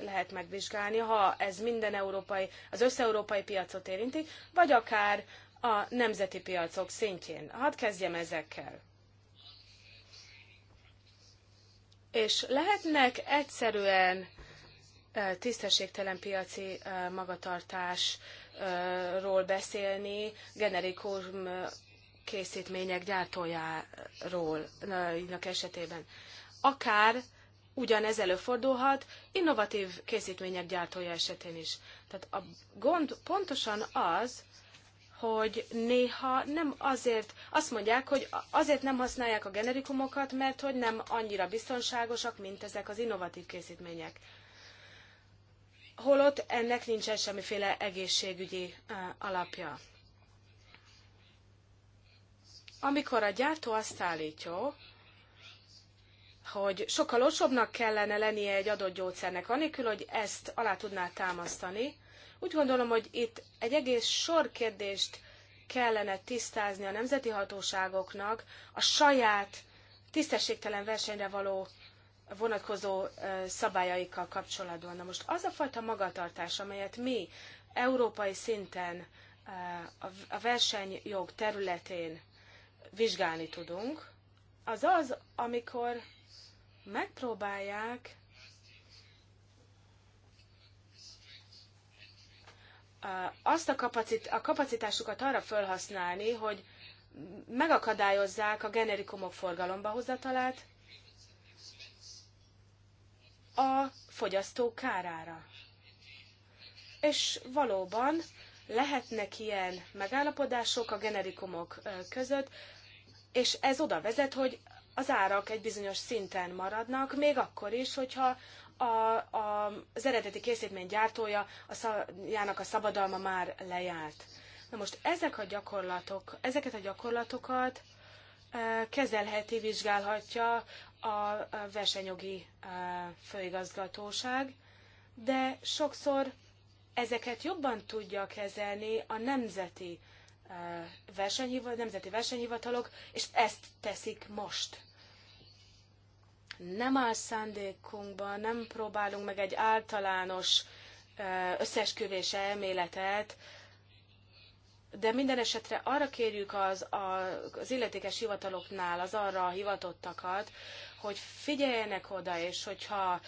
lehet megvizsgálni, ha ez minden európai, az összeurópai piacot érinti, vagy akár a nemzeti piacok szintjén. Hadd kezdjem ezekkel. és lehetnek egyszerűen tisztességtelen piaci magatartásról beszélni, generikum készítmények gyártójáról esetében. Akár ugyanez előfordulhat innovatív készítmények gyártója esetén is. Tehát a gond pontosan az, hogy néha nem azért, azt mondják, hogy azért nem használják a generikumokat, mert hogy nem annyira biztonságosak, mint ezek az innovatív készítmények. Holott ennek nincsen semmiféle egészségügyi alapja. Amikor a gyártó azt állítja, hogy sokkal olcsóbbnak kellene lennie egy adott gyógyszernek, anélkül, hogy ezt alá tudná támasztani, úgy gondolom, hogy itt egy egész sor kérdést kellene tisztázni a nemzeti hatóságoknak a saját tisztességtelen versenyre való vonatkozó szabályaikkal kapcsolatban. Na most az a fajta magatartás, amelyet mi európai szinten a versenyjog területén vizsgálni tudunk, az az, amikor megpróbálják azt a, kapacit, a kapacitásukat arra felhasználni, hogy megakadályozzák a generikumok forgalomba hozatalát a fogyasztók kárára. És valóban lehetnek ilyen megállapodások a generikumok között, és ez oda vezet, hogy az árak egy bizonyos szinten maradnak, még akkor is, hogyha a, a, az eredeti készítmény gyártója, a szabjának a szabadalma már lejárt. Na most ezek a gyakorlatok, ezeket a gyakorlatokat e, kezelheti, vizsgálhatja a versenyjogi e, főigazgatóság, de sokszor ezeket jobban tudja kezelni a nemzeti, e, versenyhivatal, nemzeti versenyhivatalok, és ezt teszik most nem áll szándékunkban, nem próbálunk meg egy általános összesküvés elméletet, de minden esetre arra kérjük az, az illetékes hivataloknál az arra hivatottakat, hogy figyeljenek oda, és hogyha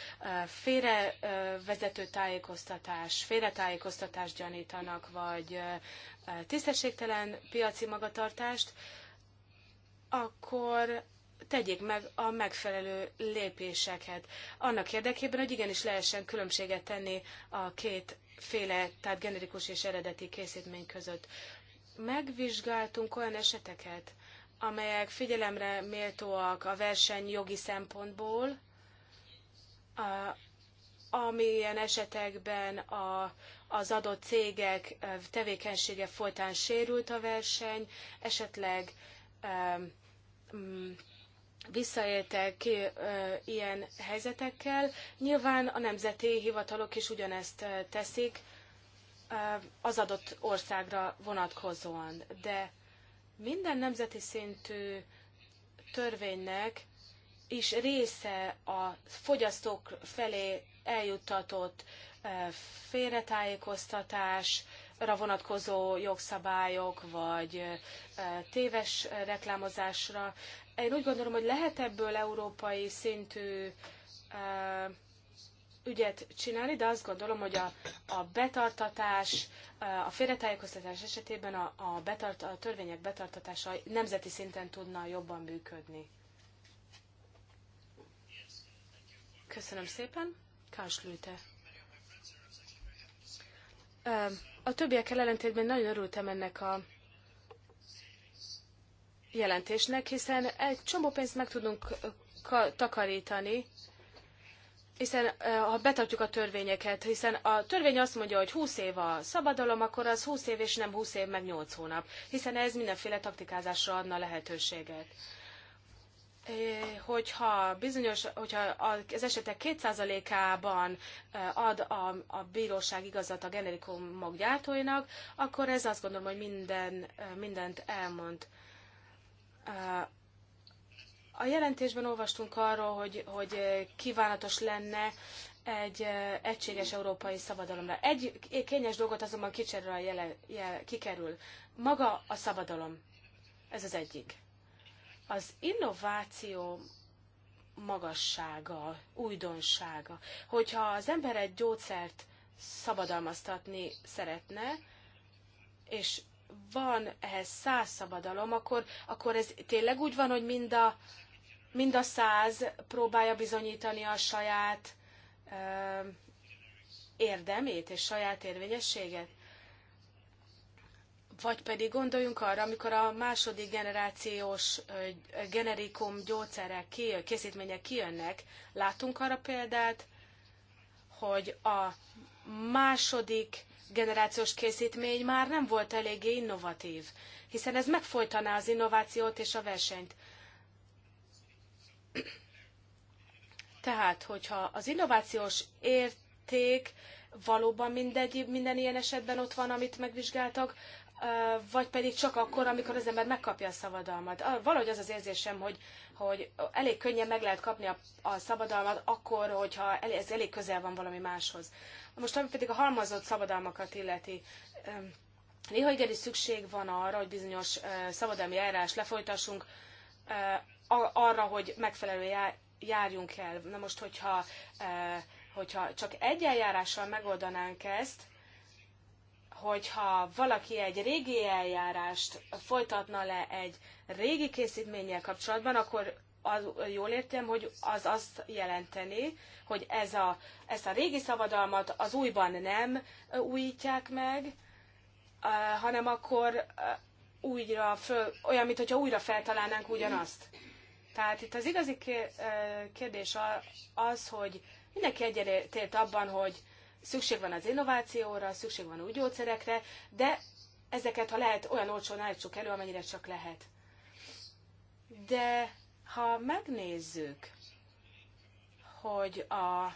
félrevezető tájékoztatás, félretájékoztatást gyanítanak, vagy tisztességtelen piaci magatartást, akkor tegyék meg a megfelelő lépéseket. Annak érdekében, hogy igenis lehessen különbséget tenni a két féle, tehát generikus és eredeti készítmény között. Megvizsgáltunk olyan eseteket, amelyek figyelemre méltóak a verseny jogi szempontból, a, amilyen esetekben a, az adott cégek tevékenysége folytán sérült a verseny, esetleg visszaéltek ilyen helyzetekkel. Nyilván a nemzeti hivatalok is ugyanezt teszik az adott országra vonatkozóan, de minden nemzeti szintű törvénynek is része a fogyasztók felé eljuttatott félretájékoztatás, vonatkozó jogszabályok, vagy téves reklámozásra. Én úgy gondolom, hogy lehet ebből európai szintű ügyet csinálni, de azt gondolom, hogy a, a betartatás, a félretájékoztatás esetében a, a, betart, a törvények betartatása nemzeti szinten tudna jobban működni. Köszönöm szépen. Káslülte. A többiekkel ellentétben nagyon örültem ennek a jelentésnek, hiszen egy csomó pénzt meg tudunk takarítani, hiszen ha betartjuk a törvényeket, hiszen a törvény azt mondja, hogy 20 év a szabadalom, akkor az 20 év és nem 20 év meg 8 hónap, hiszen ez mindenféle taktikázásra adna lehetőséget hogyha bizonyos, hogyha az esetek kétszázalékában ában e, ad a, a bíróság igazat a generikumok gyártóinak, akkor ez azt gondolom, hogy minden, e, mindent elmond. E, a jelentésben olvastunk arról, hogy, hogy kívánatos lenne egy egységes európai szabadalomra. Egy kényes dolgot azonban kicserül a jele, jel, kikerül. Maga a szabadalom. Ez az egyik az innováció magassága, újdonsága. Hogyha az ember egy gyógyszert szabadalmaztatni szeretne, és van ehhez száz szabadalom, akkor, akkor ez tényleg úgy van, hogy mind a, mind a száz próbálja bizonyítani a saját ö, érdemét és saját érvényességet? vagy pedig gondoljunk arra, amikor a második generációs generikum gyógyszerek, készítmények kijönnek, látunk arra példát, hogy a második generációs készítmény már nem volt eléggé innovatív, hiszen ez megfojtaná az innovációt és a versenyt. Tehát, hogyha az innovációs érték valóban mindegy, minden ilyen esetben ott van, amit megvizsgáltak, vagy pedig csak akkor, amikor az ember megkapja a szabadalmat. Valahogy az az érzésem, hogy, hogy elég könnyen meg lehet kapni a, a szabadalmat akkor, hogyha ez elég közel van valami máshoz. Most ami pedig a halmazott szabadalmakat illeti, néha igenis szükség van arra, hogy bizonyos szabadalmi eljárás lefolytassunk, arra, hogy megfelelő járjunk el. Na most, hogyha, hogyha csak egy eljárással megoldanánk ezt, hogyha valaki egy régi eljárást folytatna le egy régi készítménnyel kapcsolatban, akkor az, jól értem, hogy az azt jelenteni, hogy ez a, ezt a régi szabadalmat az újban nem újítják meg, hanem akkor újra föl, olyan, mintha újra feltalálnánk ugyanazt. Tehát itt az igazi kérdés az, hogy mindenki egyetért abban, hogy Szükség van az innovációra, szükség van új gyógyszerekre, de ezeket, ha lehet, olyan olcsón állítsuk elő, amennyire csak lehet. De ha megnézzük, hogy a,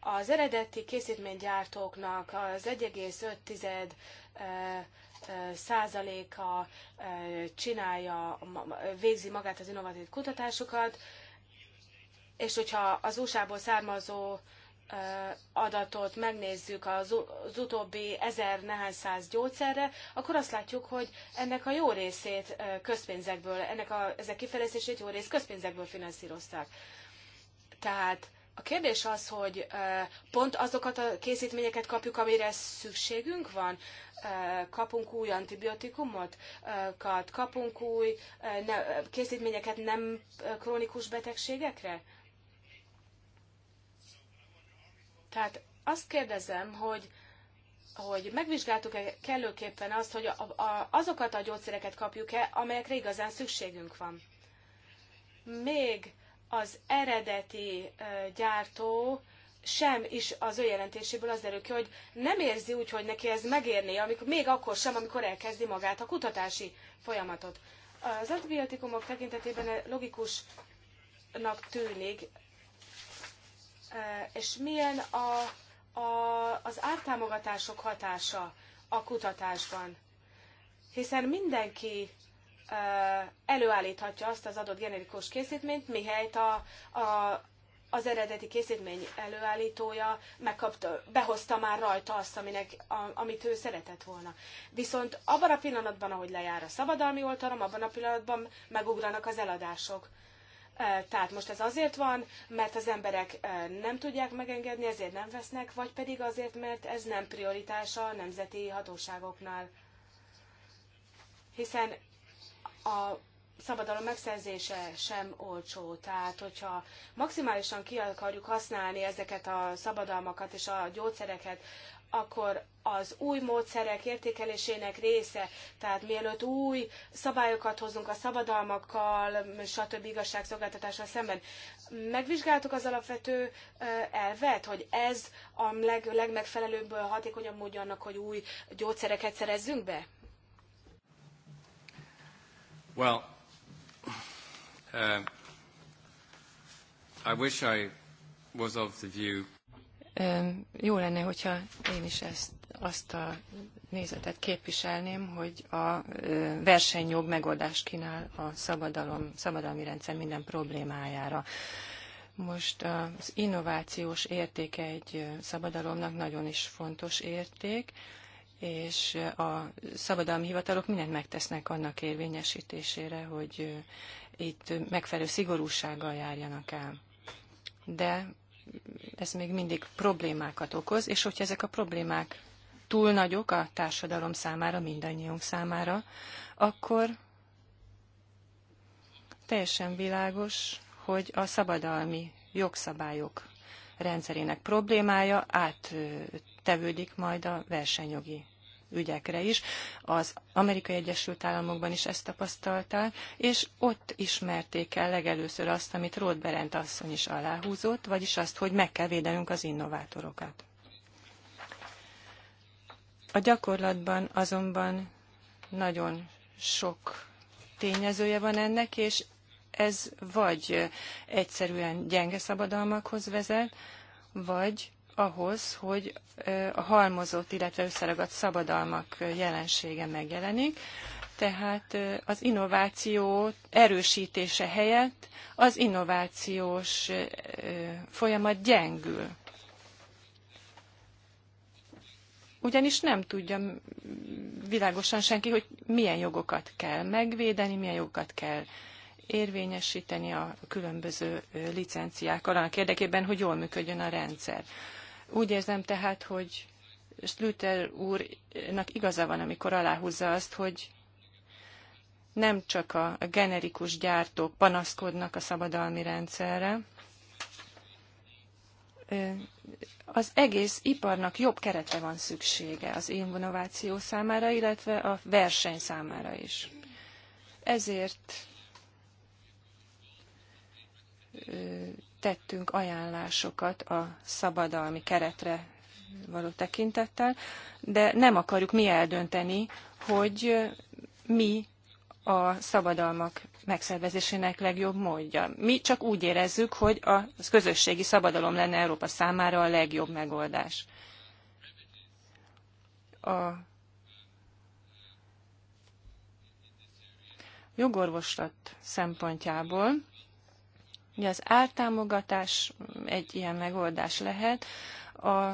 az eredeti készítménygyártóknak az 1,5 százaléka csinálja, végzi magát az innovatív kutatásokat, és hogyha az USA-ból származó adatot megnézzük az, az utóbbi ezer nehány száz gyógyszerre, akkor azt látjuk, hogy ennek a jó részét közpénzekből, ennek a, ezek kifejlesztését jó közpénzekből finanszírozták. Tehát a kérdés az, hogy pont azokat a készítményeket kapjuk, amire szükségünk van. Kapunk új antibiotikumot, kapunk új készítményeket nem krónikus betegségekre? Tehát azt kérdezem, hogy hogy megvizsgáltuk-e kellőképpen azt, hogy a, a, azokat a gyógyszereket kapjuk-e, amelyekre igazán szükségünk van. Még az eredeti gyártó sem is az ő jelentéséből az derül ki, hogy nem érzi úgy, hogy neki ez megérné, amikor, még akkor sem, amikor elkezdi magát a kutatási folyamatot. Az antibiotikumok tekintetében logikusnak tűnik, Eh, és milyen a, a, az ártámogatások hatása a kutatásban. Hiszen mindenki eh, előállíthatja azt az adott generikus készítményt, mihelyt a, a, az eredeti készítmény előállítója megkapta, behozta már rajta azt, aminek, a, amit ő szeretett volna. Viszont abban a pillanatban, ahogy lejár a szabadalmi oltalom, abban a pillanatban megugranak az eladások. Tehát most ez azért van, mert az emberek nem tudják megengedni, ezért nem vesznek, vagy pedig azért, mert ez nem prioritása a nemzeti hatóságoknál. Hiszen a szabadalom megszerzése sem olcsó. Tehát, hogyha maximálisan ki akarjuk használni ezeket a szabadalmakat és a gyógyszereket akkor az új módszerek értékelésének része, tehát mielőtt új szabályokat hozunk a szabadalmakkal, stb. igazságszolgáltatással szemben, megvizsgáltuk az alapvető elvet, hogy ez a leg, legmegfelelőbb, hatékonyabb módja annak, hogy új gyógyszereket szerezzünk be? Well, uh, I wish I was of the view jó lenne, hogyha én is ezt, azt a nézetet képviselném, hogy a versenyjog megoldást kínál a szabadalom, szabadalmi rendszer minden problémájára. Most az innovációs értéke egy szabadalomnak nagyon is fontos érték, és a szabadalmi hivatalok mindent megtesznek annak érvényesítésére, hogy itt megfelelő szigorúsággal járjanak el. De ez még mindig problémákat okoz, és hogyha ezek a problémák túl nagyok a társadalom számára, mindannyiunk számára, akkor teljesen világos, hogy a szabadalmi jogszabályok rendszerének problémája áttevődik majd a versenyjogi ügyekre is. Az Amerikai Egyesült Államokban is ezt tapasztalták, és ott ismerték el legelőször azt, amit Roth Berend asszony is aláhúzott, vagyis azt, hogy meg kell védenünk az innovátorokat. A gyakorlatban azonban nagyon sok tényezője van ennek, és ez vagy egyszerűen gyenge szabadalmakhoz vezet, vagy ahhoz, hogy a halmozott, illetve összeragadt szabadalmak jelensége megjelenik. Tehát az innováció erősítése helyett az innovációs folyamat gyengül. Ugyanis nem tudja világosan senki, hogy milyen jogokat kell megvédeni, milyen jogokat kell érvényesíteni a különböző licenciák annak érdekében, hogy jól működjön a rendszer. Úgy érzem tehát, hogy Slüter úrnak igaza van, amikor aláhúzza azt, hogy nem csak a generikus gyártók panaszkodnak a szabadalmi rendszerre, az egész iparnak jobb keretre van szüksége az innováció számára, illetve a verseny számára is. Ezért tettünk ajánlásokat a szabadalmi keretre való tekintettel, de nem akarjuk mi eldönteni, hogy mi a szabadalmak megszervezésének legjobb módja. Mi csak úgy érezzük, hogy a közösségi szabadalom lenne Európa számára a legjobb megoldás. A jogorvoslat szempontjából Ugye az ártámogatás egy ilyen megoldás lehet. A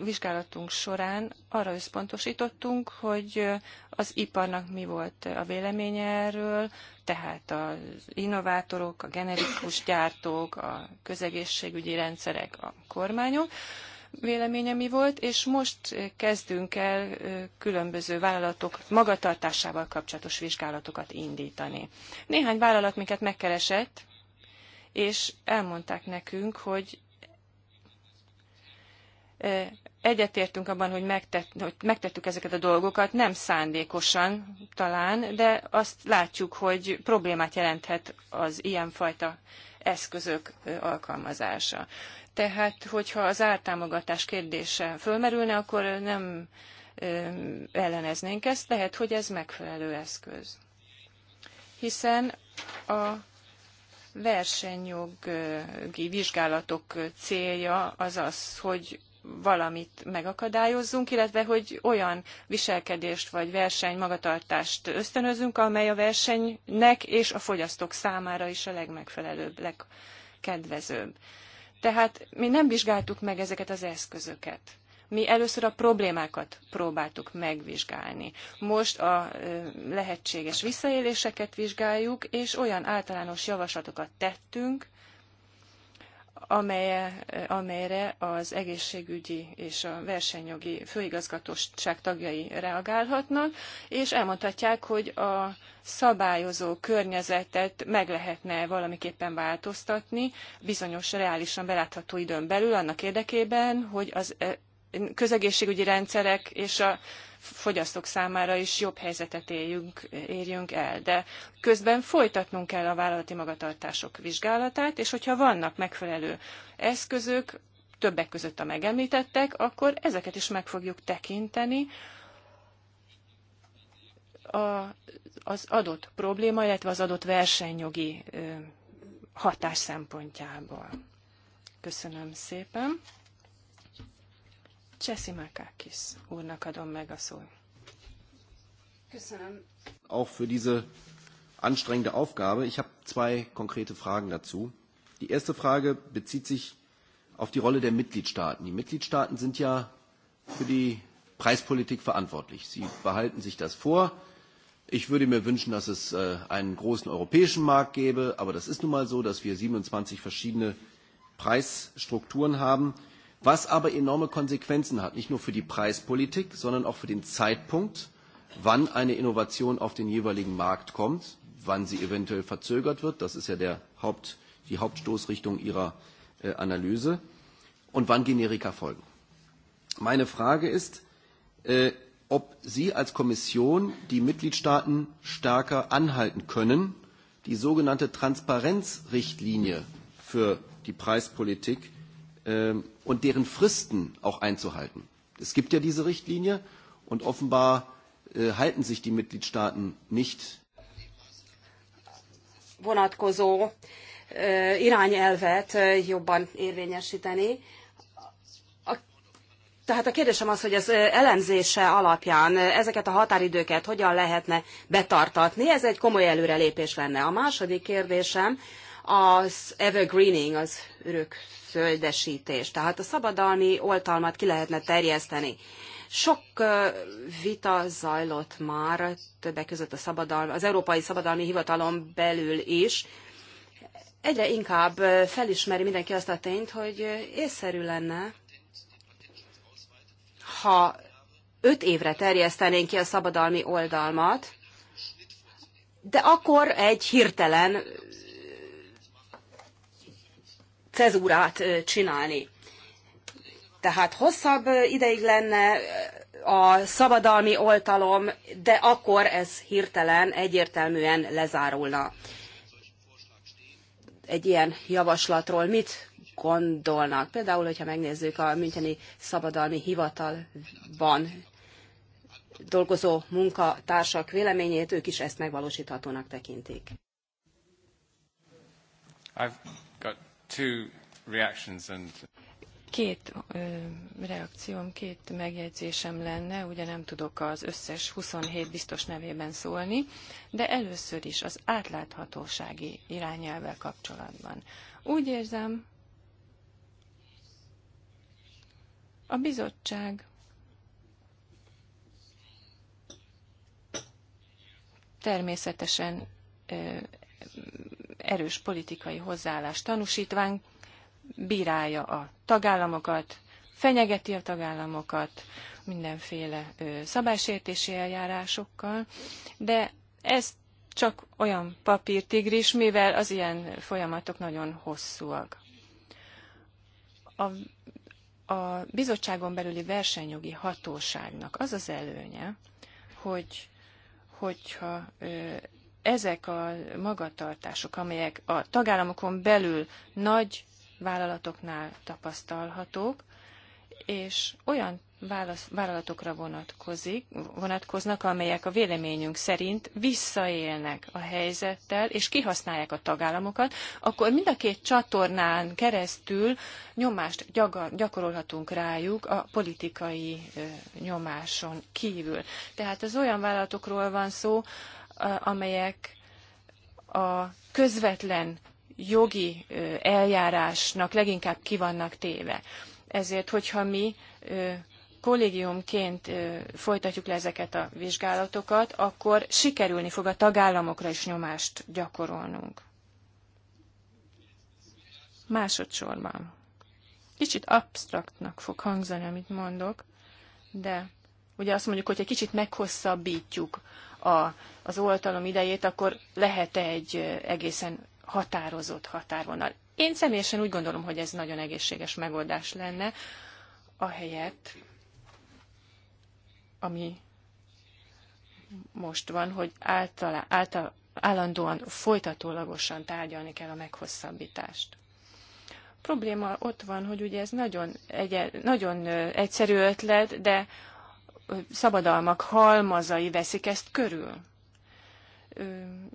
vizsgálatunk során arra összpontosítottunk, hogy az iparnak mi volt a véleménye erről, tehát az innovátorok, a generikus gyártók, a közegészségügyi rendszerek, a kormányok véleménye mi volt, és most kezdünk el különböző vállalatok magatartásával kapcsolatos vizsgálatokat indítani. Néhány vállalat minket megkeresett, és elmondták nekünk, hogy egyetértünk abban, hogy, megtett, hogy megtettük ezeket a dolgokat, nem szándékosan talán, de azt látjuk, hogy problémát jelenthet az ilyenfajta eszközök alkalmazása. Tehát, hogyha az ártámogatás kérdése fölmerülne, akkor nem elleneznénk ezt, lehet, hogy ez megfelelő eszköz. Hiszen a versenyjogi vizsgálatok célja az az, hogy valamit megakadályozzunk, illetve hogy olyan viselkedést vagy verseny magatartást ösztönözünk, amely a versenynek és a fogyasztók számára is a legmegfelelőbb, legkedvezőbb. Tehát mi nem vizsgáltuk meg ezeket az eszközöket. Mi először a problémákat próbáltuk megvizsgálni. Most a lehetséges visszaéléseket vizsgáljuk, és olyan általános javaslatokat tettünk, amelyre az egészségügyi és a versenyjogi főigazgatóság tagjai reagálhatnak, és elmondhatják, hogy a szabályozó környezetet meg lehetne valamiképpen változtatni bizonyos reálisan belátható időn belül annak érdekében, hogy az eh, közegészségügyi rendszerek és a fogyasztók számára is jobb helyzetet éljünk, érjünk el. De közben folytatnunk kell a vállalati magatartások vizsgálatát, és hogyha vannak megfelelő eszközök, többek között a megemlítettek, akkor ezeket is meg fogjuk tekinteni, a, az adott probléma, illetve az adott versenyjogi hatás szempontjából. Köszönöm szépen. Cseszimákákis úrnak adom meg a szót. Köszönöm. Auch für diese anstrengende Aufgabe. Ich habe zwei konkrete Fragen dazu. Die erste Frage bezieht sich auf die Rolle der Mitgliedstaaten. Die Mitgliedstaaten sind ja für die Preispolitik verantwortlich. Sie behalten sich das vor. Ich würde mir wünschen, dass es äh, einen großen europäischen Markt gäbe, aber das ist nun mal so, dass wir 27 verschiedene Preisstrukturen haben was aber enorme Konsequenzen hat, nicht nur für die Preispolitik, sondern auch für den Zeitpunkt, wann eine Innovation auf den jeweiligen Markt kommt, wann sie eventuell verzögert wird. Das ist ja der Haupt, die Hauptstoßrichtung Ihrer äh, Analyse. Und wann Generika folgen. Meine Frage ist, äh, ob Sie als Kommission die Mitgliedstaaten stärker anhalten können, die sogenannte Transparenzrichtlinie für die Preispolitik äh, und deren Fristen auch einzuhalten. Es gibt ja diese Richtlinie und offenbar äh, halten sich die Mitgliedstaaten nicht. Vonatkozó äh, irányelvet äh, jobban érvényesíteni. A, tehát a kérdésem az, hogy az äh, elemzése alapján äh, ezeket a határidőket hogyan lehetne betartatni, ez egy komoly előrelépés lenne. A második kérdésem, az evergreening, az örök földesítés. Tehát a szabadalmi oltalmat ki lehetne terjeszteni. Sok vita zajlott már, többek között a szabadalmi, az Európai Szabadalmi Hivatalon belül is. Egyre inkább felismeri mindenki azt a tényt, hogy észszerű lenne, ha öt évre terjesztenénk ki a szabadalmi oldalmat, de akkor egy hirtelen cezúrát csinálni. Tehát hosszabb ideig lenne a szabadalmi oltalom, de akkor ez hirtelen egyértelműen lezárulna. Egy ilyen javaslatról mit gondolnak? Például, hogyha megnézzük a Müncheni Szabadalmi Hivatalban dolgozó munkatársak véleményét, ők is ezt megvalósíthatónak tekintik. I've two reactions and Két ö, reakcióm, két megjegyzésem lenne, ugye nem tudok az összes 27 biztos nevében szólni, de először is az átláthatósági irányelvvel kapcsolatban. Úgy érzem, a bizottság természetesen ö, erős politikai hozzáállás tanúsítvány, bírálja a tagállamokat, fenyegeti a tagállamokat mindenféle szabálysértési eljárásokkal, de ez csak olyan papírtigris, mivel az ilyen folyamatok nagyon hosszúak. A, a bizottságon belüli versenyjogi hatóságnak az az előnye, hogy hogyha ezek a magatartások, amelyek a tagállamokon belül nagy vállalatoknál tapasztalhatók, és olyan válasz, vállalatokra vonatkozik, vonatkoznak, amelyek a véleményünk szerint visszaélnek a helyzettel, és kihasználják a tagállamokat, akkor mind a két csatornán keresztül nyomást gyakorolhatunk rájuk a politikai nyomáson kívül. Tehát az olyan vállalatokról van szó, amelyek a közvetlen jogi eljárásnak leginkább kivannak téve. Ezért, hogyha mi kollégiumként folytatjuk le ezeket a vizsgálatokat, akkor sikerülni fog a tagállamokra is nyomást gyakorolnunk. Másodszorban. Kicsit absztraktnak fog hangzani, amit mondok, de ugye azt mondjuk, hogy egy kicsit meghosszabbítjuk a, az oltalom idejét, akkor lehet -e egy egészen határozott határvonal. Én személyesen úgy gondolom, hogy ez nagyon egészséges megoldás lenne, ahelyett, ami most van, hogy általa, által, állandóan folytatólagosan tárgyalni kell a meghosszabbítást. A probléma ott van, hogy ugye ez nagyon, egy, nagyon egyszerű ötlet, de szabadalmak halmazai veszik ezt körül.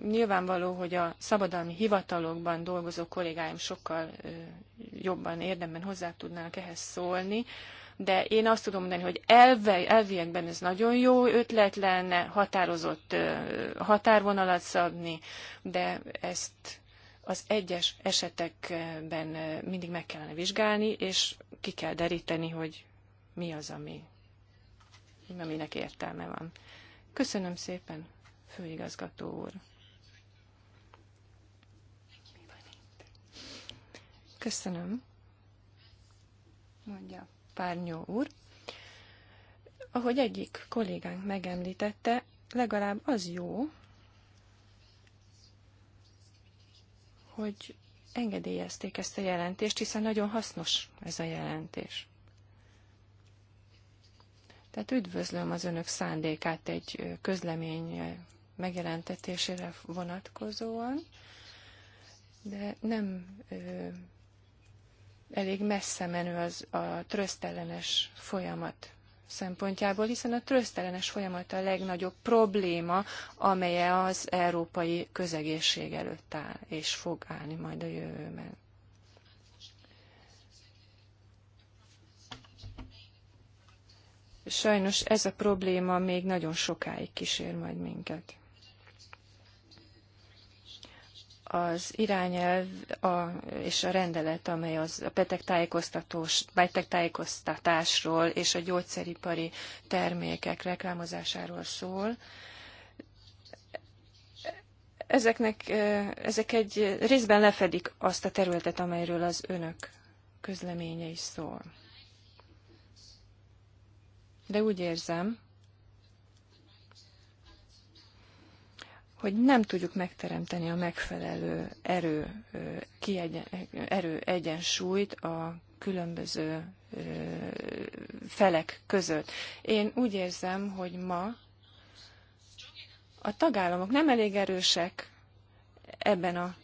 Nyilvánvaló, hogy a szabadalmi hivatalokban dolgozó kollégáim sokkal jobban érdemben hozzá tudnának ehhez szólni, de én azt tudom mondani, hogy elve, elviekben ez nagyon jó ötlet lenne, határozott határvonalat szabni, de ezt az egyes esetekben mindig meg kellene vizsgálni, és ki kell deríteni, hogy mi az, ami aminek értelme van. Köszönöm szépen, főigazgató úr. Köszönöm, mondja Párnyó úr. Ahogy egyik kollégánk megemlítette, legalább az jó, hogy engedélyezték ezt a jelentést, hiszen nagyon hasznos ez a jelentés. Tehát üdvözlöm az önök szándékát egy közlemény megjelentetésére vonatkozóan, de nem ö, elég messze menő az a trösztellenes folyamat szempontjából, hiszen a trösztellenes folyamat a legnagyobb probléma, amelye az európai közegészség előtt áll és fog állni majd a jövőben. Sajnos ez a probléma még nagyon sokáig kísér majd minket. Az irányelv a, és a rendelet, amely az a betegtájékoztatós, betegtájékoztatásról és a gyógyszeripari termékek reklámozásáról szól, ezeknek, ezek egy részben lefedik azt a területet, amelyről az önök közleménye is szól de úgy érzem, hogy nem tudjuk megteremteni a megfelelő erő, kiegyen, erő egyensúlyt a különböző felek között. Én úgy érzem, hogy ma a tagállamok nem elég erősek ebben a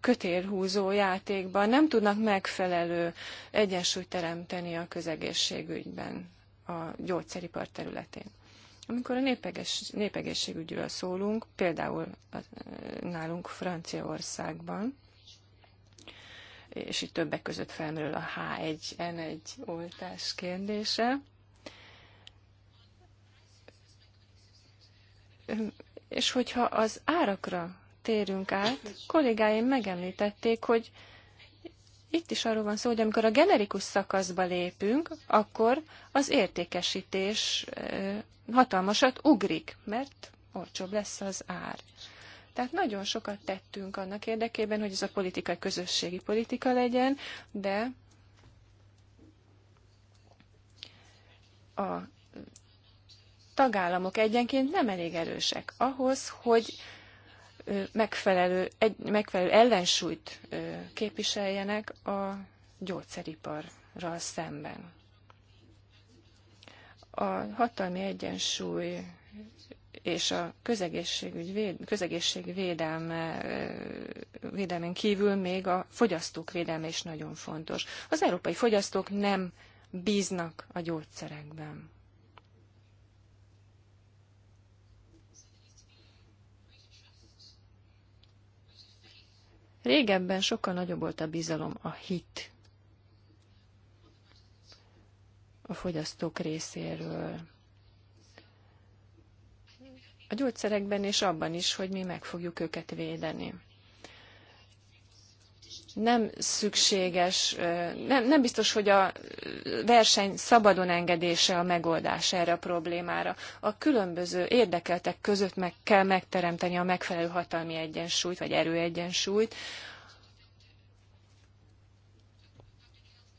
kötélhúzó játékban, nem tudnak megfelelő egyensúlyt teremteni a közegészségügyben a gyógyszeripar területén. Amikor a népeges, népegészségügyről szólunk, például nálunk Franciaországban, és itt többek között felmerül a H1N1 oltás kérdése, és hogyha az árakra térünk át, kollégáim megemlítették, hogy itt is arról van szó, hogy amikor a generikus szakaszba lépünk, akkor az értékesítés hatalmasat ugrik, mert olcsóbb lesz az ár. Tehát nagyon sokat tettünk annak érdekében, hogy ez a politika közösségi politika legyen, de a tagállamok egyenként nem elég erősek ahhoz, hogy megfelelő, egy, megfelelő ellensúlyt képviseljenek a gyógyszeriparral szemben. A hatalmi egyensúly és a közegészségügy közegészség védelme, védelmen kívül még a fogyasztók védelme is nagyon fontos. Az európai fogyasztók nem bíznak a gyógyszerekben. Régebben sokkal nagyobb volt a bizalom, a hit a fogyasztók részéről. A gyógyszerekben és abban is, hogy mi meg fogjuk őket védeni nem szükséges, nem, nem biztos, hogy a verseny szabadon engedése a megoldás erre a problémára. A különböző érdekeltek között meg kell megteremteni a megfelelő hatalmi egyensúlyt, vagy erőegyensúlyt,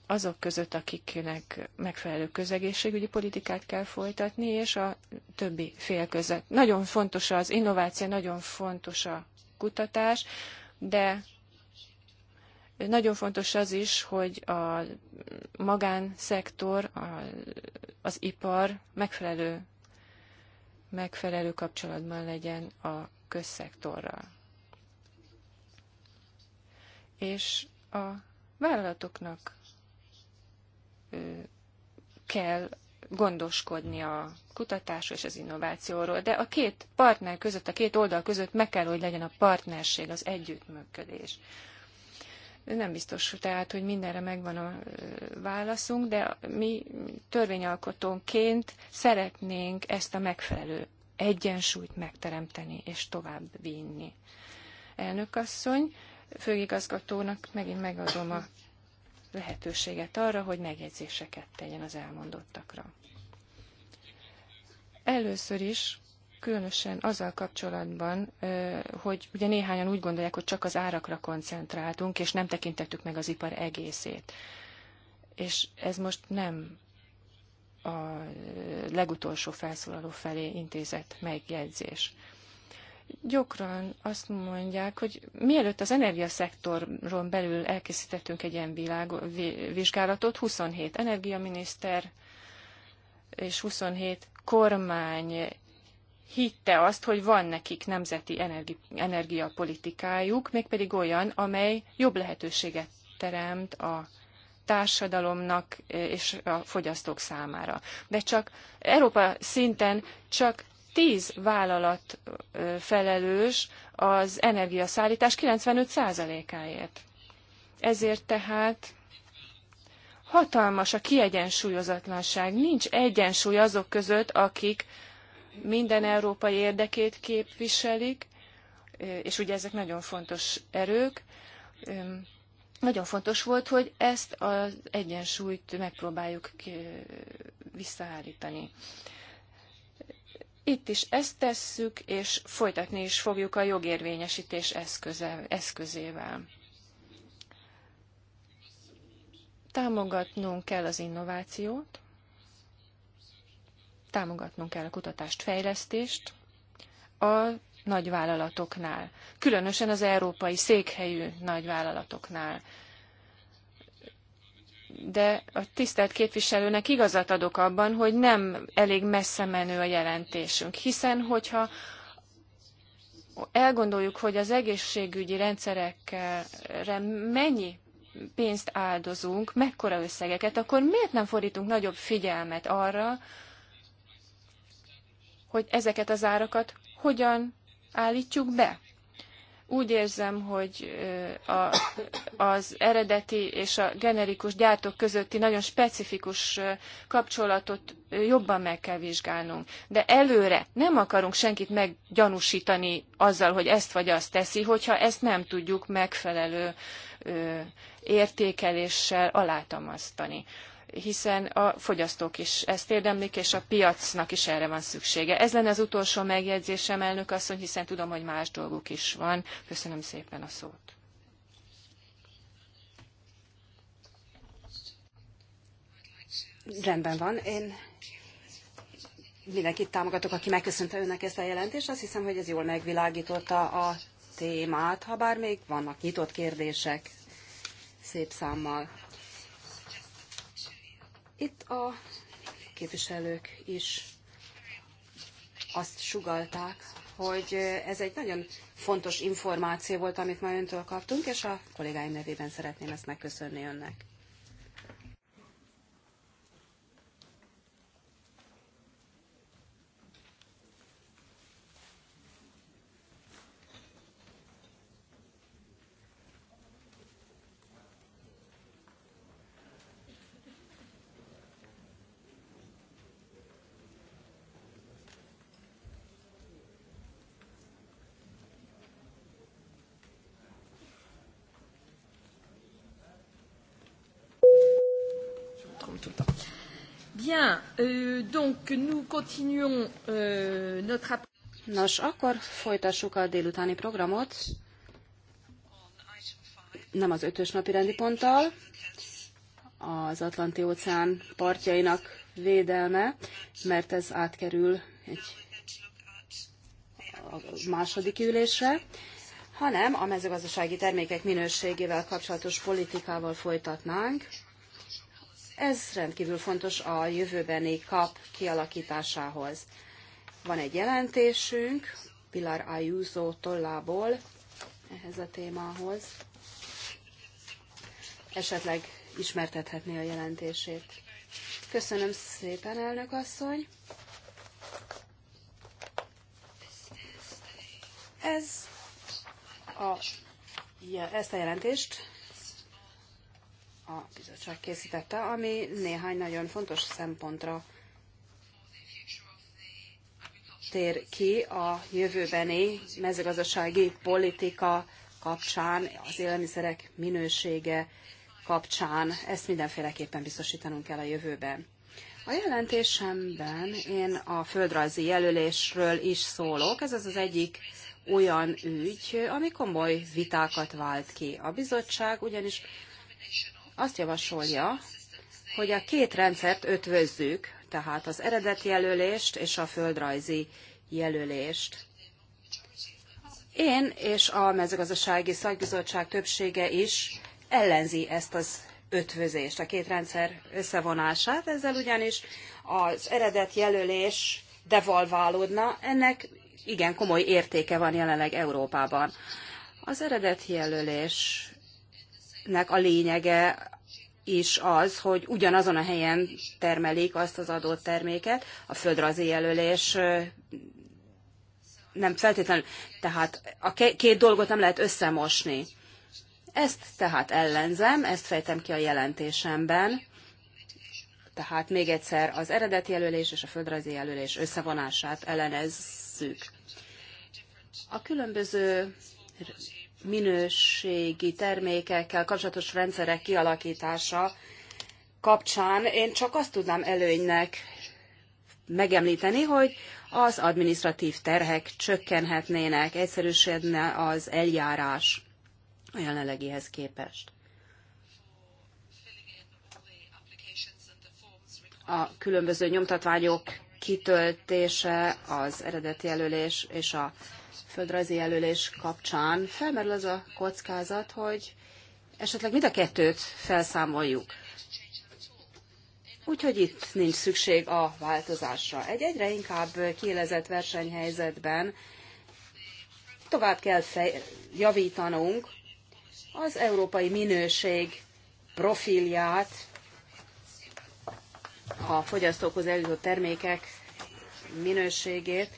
azok között, akiknek megfelelő közegészségügyi politikát kell folytatni, és a többi fél között. Nagyon fontos az innováció, nagyon fontos a kutatás, de nagyon fontos az is, hogy a magánszektor, az ipar megfelelő, megfelelő kapcsolatban legyen a közszektorral. És a vállalatoknak kell gondoskodni a kutatásról és az innovációról, de a két partner között, a két oldal között meg kell, hogy legyen a partnerség, az együttműködés. Nem biztos tehát, hogy mindenre megvan a válaszunk, de mi törvényalkotónként szeretnénk ezt a megfelelő egyensúlyt megteremteni és tovább vinni. Elnökasszony, főigazgatónak megint megadom a lehetőséget arra, hogy megjegyzéseket tegyen az elmondottakra. Először is különösen azzal kapcsolatban, hogy ugye néhányan úgy gondolják, hogy csak az árakra koncentráltunk, és nem tekintettük meg az ipar egészét. És ez most nem a legutolsó felszólaló felé intézett megjegyzés. Gyakran azt mondják, hogy mielőtt az energiaszektoron belül elkészítettünk egy ilyen világ, vizsgálatot, 27 energiaminiszter és 27 kormány hitte azt, hogy van nekik nemzeti energi, energiapolitikájuk, mégpedig olyan, amely jobb lehetőséget teremt a társadalomnak eh, és a fogyasztók számára. De csak Európa szinten csak tíz vállalat eh, felelős az energiaszállítás 95%-áért. Ezért tehát hatalmas a kiegyensúlyozatlanság, nincs egyensúly azok között, akik minden európai érdekét képviselik, és ugye ezek nagyon fontos erők. Nagyon fontos volt, hogy ezt az egyensúlyt megpróbáljuk visszaállítani. Itt is ezt tesszük, és folytatni is fogjuk a jogérvényesítés eszköze, eszközével. Támogatnunk kell az innovációt, támogatnunk kell a kutatást, fejlesztést a nagyvállalatoknál, különösen az európai székhelyű nagyvállalatoknál. De a tisztelt képviselőnek igazat adok abban, hogy nem elég messze menő a jelentésünk, hiszen hogyha elgondoljuk, hogy az egészségügyi rendszerekre mennyi pénzt áldozunk, mekkora összegeket, akkor miért nem fordítunk nagyobb figyelmet arra, hogy ezeket az árakat hogyan állítjuk be. Úgy érzem, hogy a, az eredeti és a generikus gyártók közötti nagyon specifikus kapcsolatot jobban meg kell vizsgálnunk. De előre nem akarunk senkit meggyanúsítani azzal, hogy ezt vagy azt teszi, hogyha ezt nem tudjuk megfelelő értékeléssel alátamasztani hiszen a fogyasztók is ezt érdemlik, és a piacnak is erre van szüksége. Ez lenne az utolsó megjegyzésem, elnök asszony, hiszen tudom, hogy más dolguk is van. Köszönöm szépen a szót. Rendben van. Én mindenkit támogatok, aki megköszönte önnek ezt a jelentést. Azt hiszem, hogy ez jól megvilágította a témát, ha bár még vannak nyitott kérdések szép számmal. Itt a képviselők is azt sugalták, hogy ez egy nagyon fontos információ volt, amit ma öntől kaptunk, és a kollégáim nevében szeretném ezt megköszönni önnek. Bien, euh, donc nous continuons euh, notre... Nos, akkor folytassuk a délutáni programot. Nem az ötös napi rendi ponttal, az Atlanti óceán partjainak védelme, mert ez átkerül egy második ülésre, hanem a mezőgazdasági termékek minőségével kapcsolatos politikával folytatnánk. Ez rendkívül fontos a jövőbeni kap kialakításához. Van egy jelentésünk, Pilar Ayuso tollából ehhez a témához. Esetleg ismertethetné a jelentését. Köszönöm szépen, elnök asszony. Ez a, ja, ezt a jelentést a bizottság készítette, ami néhány nagyon fontos szempontra tér ki a jövőbeni mezőgazdasági politika kapcsán, az élelmiszerek minősége kapcsán. Ezt mindenféleképpen biztosítanunk kell a jövőben. A jelentésemben én a földrajzi jelölésről is szólok. Ez az az egyik olyan ügy, ami komoly vitákat vált ki. A bizottság ugyanis azt javasolja, hogy a két rendszert ötvözzük, tehát az eredeti jelölést és a földrajzi jelölést. Én és a mezőgazdasági szakbizottság többsége is ellenzi ezt az ötvözést, a két rendszer összevonását, ezzel ugyanis az eredet jelölés devalválódna, ennek igen komoly értéke van jelenleg Európában. Az eredet jelölés nek a lényege is az, hogy ugyanazon a helyen termelik azt az adott terméket, a földrajzi jelölés nem feltétlenül. Tehát a két dolgot nem lehet összemosni. Ezt tehát ellenzem, ezt fejtem ki a jelentésemben. Tehát még egyszer az eredeti jelölés és a földrajzi jelölés összevonását ellenezzük. A különböző minőségi termékekkel kapcsolatos rendszerek kialakítása kapcsán én csak azt tudnám előnynek megemlíteni, hogy az administratív terhek csökkenhetnének, egyszerűsödne az eljárás a jelenlegihez képest. A különböző nyomtatványok kitöltése, az eredeti jelölés és a földrajzi jelölés kapcsán felmerül az a kockázat, hogy esetleg mind a kettőt felszámoljuk. Úgyhogy itt nincs szükség a változásra. Egy egyre inkább kielezett versenyhelyzetben tovább kell javítanunk az európai minőség profilját a fogyasztókhoz eljutott termékek minőségét,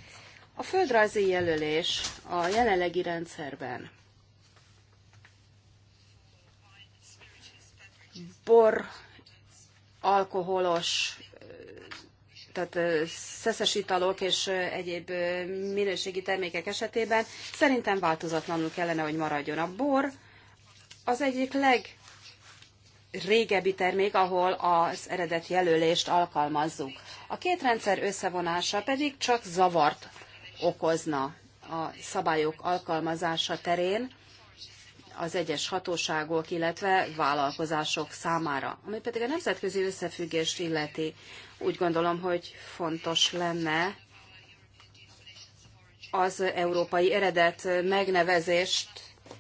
a földrajzi jelölés a jelenlegi rendszerben bor, alkoholos, tehát szeszes italok és egyéb minőségi termékek esetében szerintem változatlanul kellene, hogy maradjon. A bor az egyik legrégebbi termék, ahol az eredet jelölést alkalmazzuk. A két rendszer összevonása pedig csak zavart okozna a szabályok alkalmazása terén az egyes hatóságok, illetve vállalkozások számára. Ami pedig a nemzetközi összefüggést illeti, úgy gondolom, hogy fontos lenne az európai eredet megnevezést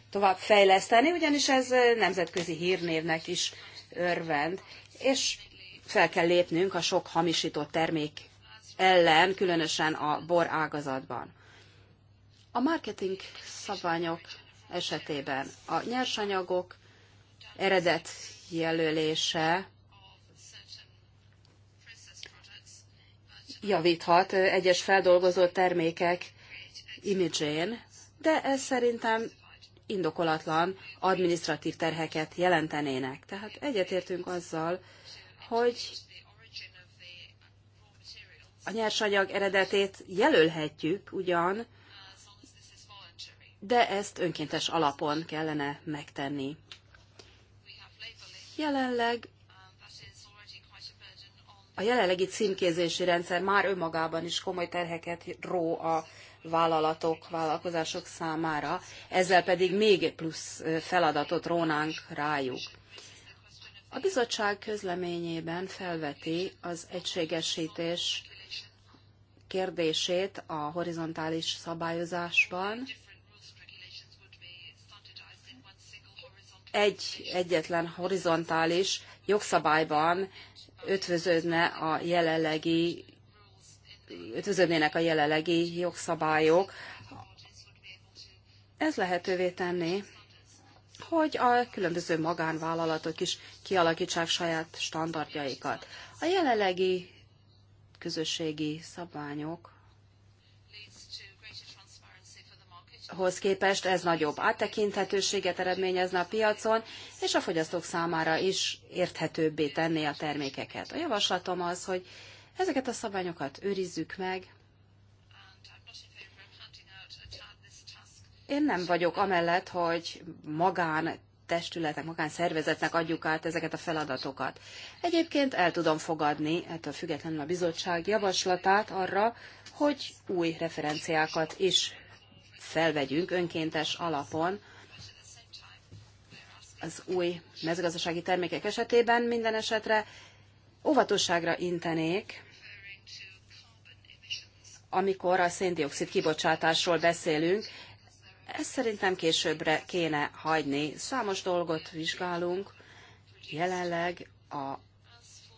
tovább fejleszteni, ugyanis ez nemzetközi hírnévnek is örvend, és fel kell lépnünk a sok hamisított termék ellen, különösen a bor ágazatban. A marketing szabványok esetében a nyersanyagok eredet jelölése javíthat egyes feldolgozott termékek imidzsén, de ez szerintem indokolatlan administratív terheket jelentenének. Tehát egyetértünk azzal, hogy a nyersanyag eredetét jelölhetjük ugyan, de ezt önkéntes alapon kellene megtenni. Jelenleg a jelenlegi címkézési rendszer már önmagában is komoly terheket ró a vállalatok, vállalkozások számára, ezzel pedig még plusz feladatot rónánk rájuk. A bizottság közleményében felveti az egységesítés kérdését a horizontális szabályozásban. Egy egyetlen horizontális jogszabályban ötvöződne a jelenlegi ötvöződnének a jelenlegi jogszabályok. Ez lehetővé tenni, hogy a különböző magánvállalatok is kialakítsák saját standardjaikat. A jelenlegi közösségi szabványok hoz képest ez nagyobb áttekinthetőséget eredményezne a piacon, és a fogyasztók számára is érthetőbbé tenné a termékeket. A javaslatom az, hogy ezeket a szabványokat őrizzük meg. Én nem vagyok amellett, hogy magán magántestületnek, magánszervezetnek adjuk át ezeket a feladatokat. Egyébként el tudom fogadni ettől függetlenül a bizottság javaslatát arra, hogy új referenciákat is felvegyünk önkéntes alapon az új mezőgazdasági termékek esetében minden esetre óvatosságra intenék, amikor a széndiokszid kibocsátásról beszélünk, ezt szerintem későbbre kéne hagyni. Számos dolgot vizsgálunk. Jelenleg a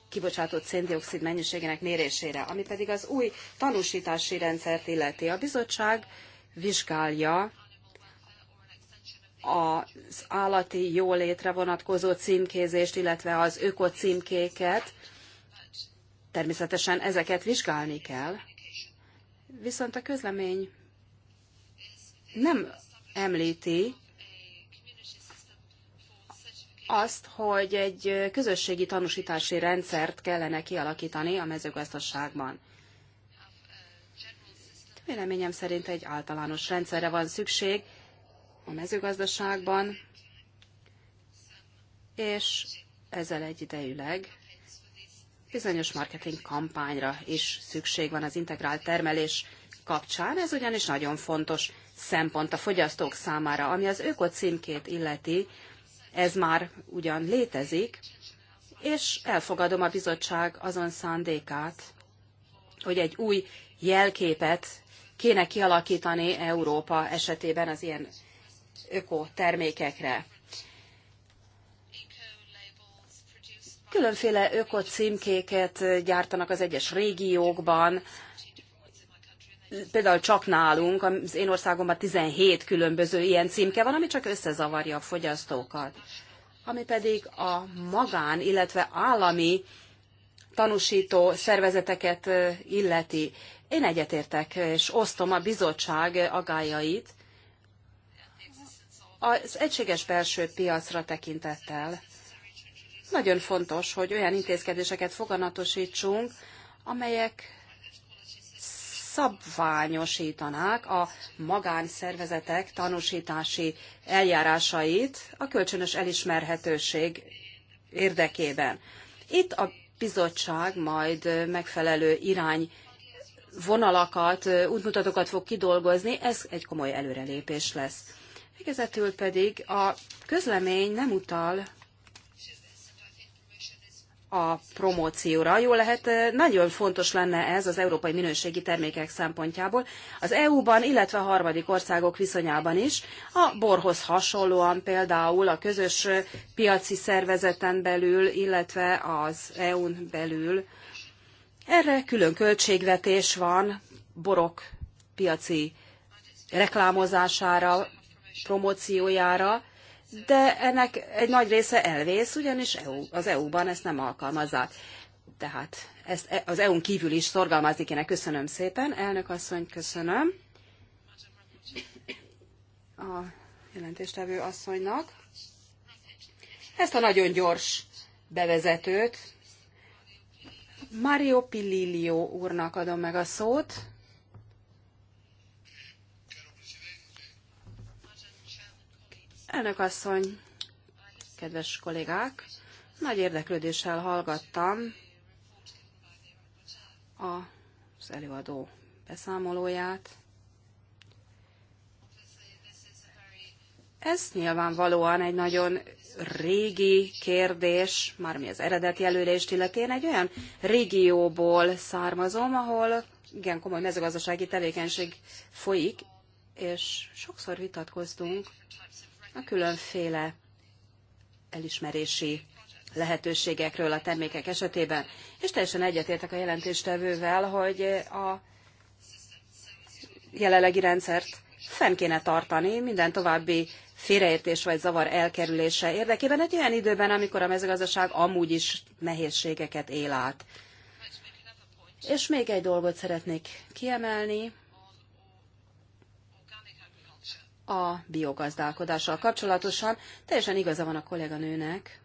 kibocsátott széndiokszid mennyiségének mérésére, ami pedig az új tanúsítási rendszert illeti. A bizottság vizsgálja az állati jólétre vonatkozó címkézést, illetve az ökocímkéket. Természetesen ezeket vizsgálni kell. Viszont a közlemény nem említi azt, hogy egy közösségi tanúsítási rendszert kellene kialakítani a mezőgazdaságban. Véleményem szerint egy általános rendszerre van szükség a mezőgazdaságban, és ezzel egyidejűleg bizonyos marketing kampányra is szükség van az integrált termelés kapcsán, ez ugyanis nagyon fontos szempont a fogyasztók számára. Ami az öko címkét illeti, ez már ugyan létezik, és elfogadom a bizottság azon szándékát, hogy egy új jelképet kéne kialakítani Európa esetében az ilyen öko termékekre. Különféle öko címkéket gyártanak az egyes régiókban, például csak nálunk, az én országomban 17 különböző ilyen címke van, ami csak összezavarja a fogyasztókat. Ami pedig a magán, illetve állami tanúsító szervezeteket illeti. Én egyetértek, és osztom a bizottság agájait az egységes belső piacra tekintettel. Nagyon fontos, hogy olyan intézkedéseket foganatosítsunk, amelyek szabványosítanák a magánszervezetek tanúsítási eljárásait a kölcsönös elismerhetőség érdekében. Itt a bizottság majd megfelelő irány vonalakat, útmutatókat fog kidolgozni, ez egy komoly előrelépés lesz. Végezetül pedig a közlemény nem utal a promócióra. Jól lehet, nagyon fontos lenne ez az európai minőségi termékek szempontjából, az EU-ban, illetve a harmadik országok viszonyában is. A borhoz hasonlóan például a közös piaci szervezeten belül, illetve az EU-n belül. Erre külön költségvetés van, borok piaci reklámozására, promóciójára, de ennek egy nagy része elvész, ugyanis EU, az EU-ban ezt nem alkalmazzák. Tehát ezt e- az EU-n kívül is szorgalmazni kéne. Köszönöm szépen. Elnök asszony, köszönöm. A jelentéstevő asszonynak. Ezt a nagyon gyors bevezetőt Mario Pillilio úrnak adom meg a szót. Elnök asszony, kedves kollégák, nagy érdeklődéssel hallgattam az előadó beszámolóját. Ez nyilvánvalóan egy nagyon régi kérdés, mármi az eredeti előrést illetén, egy olyan régióból származom, ahol igen komoly mezőgazdasági tevékenység folyik, és sokszor vitatkoztunk a különféle elismerési lehetőségekről a termékek esetében. És teljesen egyetértek a jelentéstevővel, hogy a jelenlegi rendszert fenn kéne tartani minden további félreértés vagy zavar elkerülése érdekében egy olyan időben, amikor a mezőgazdaság amúgy is nehézségeket él át. És még egy dolgot szeretnék kiemelni. a biogazdálkodással kapcsolatosan. Teljesen igaza van a kolléganőnek.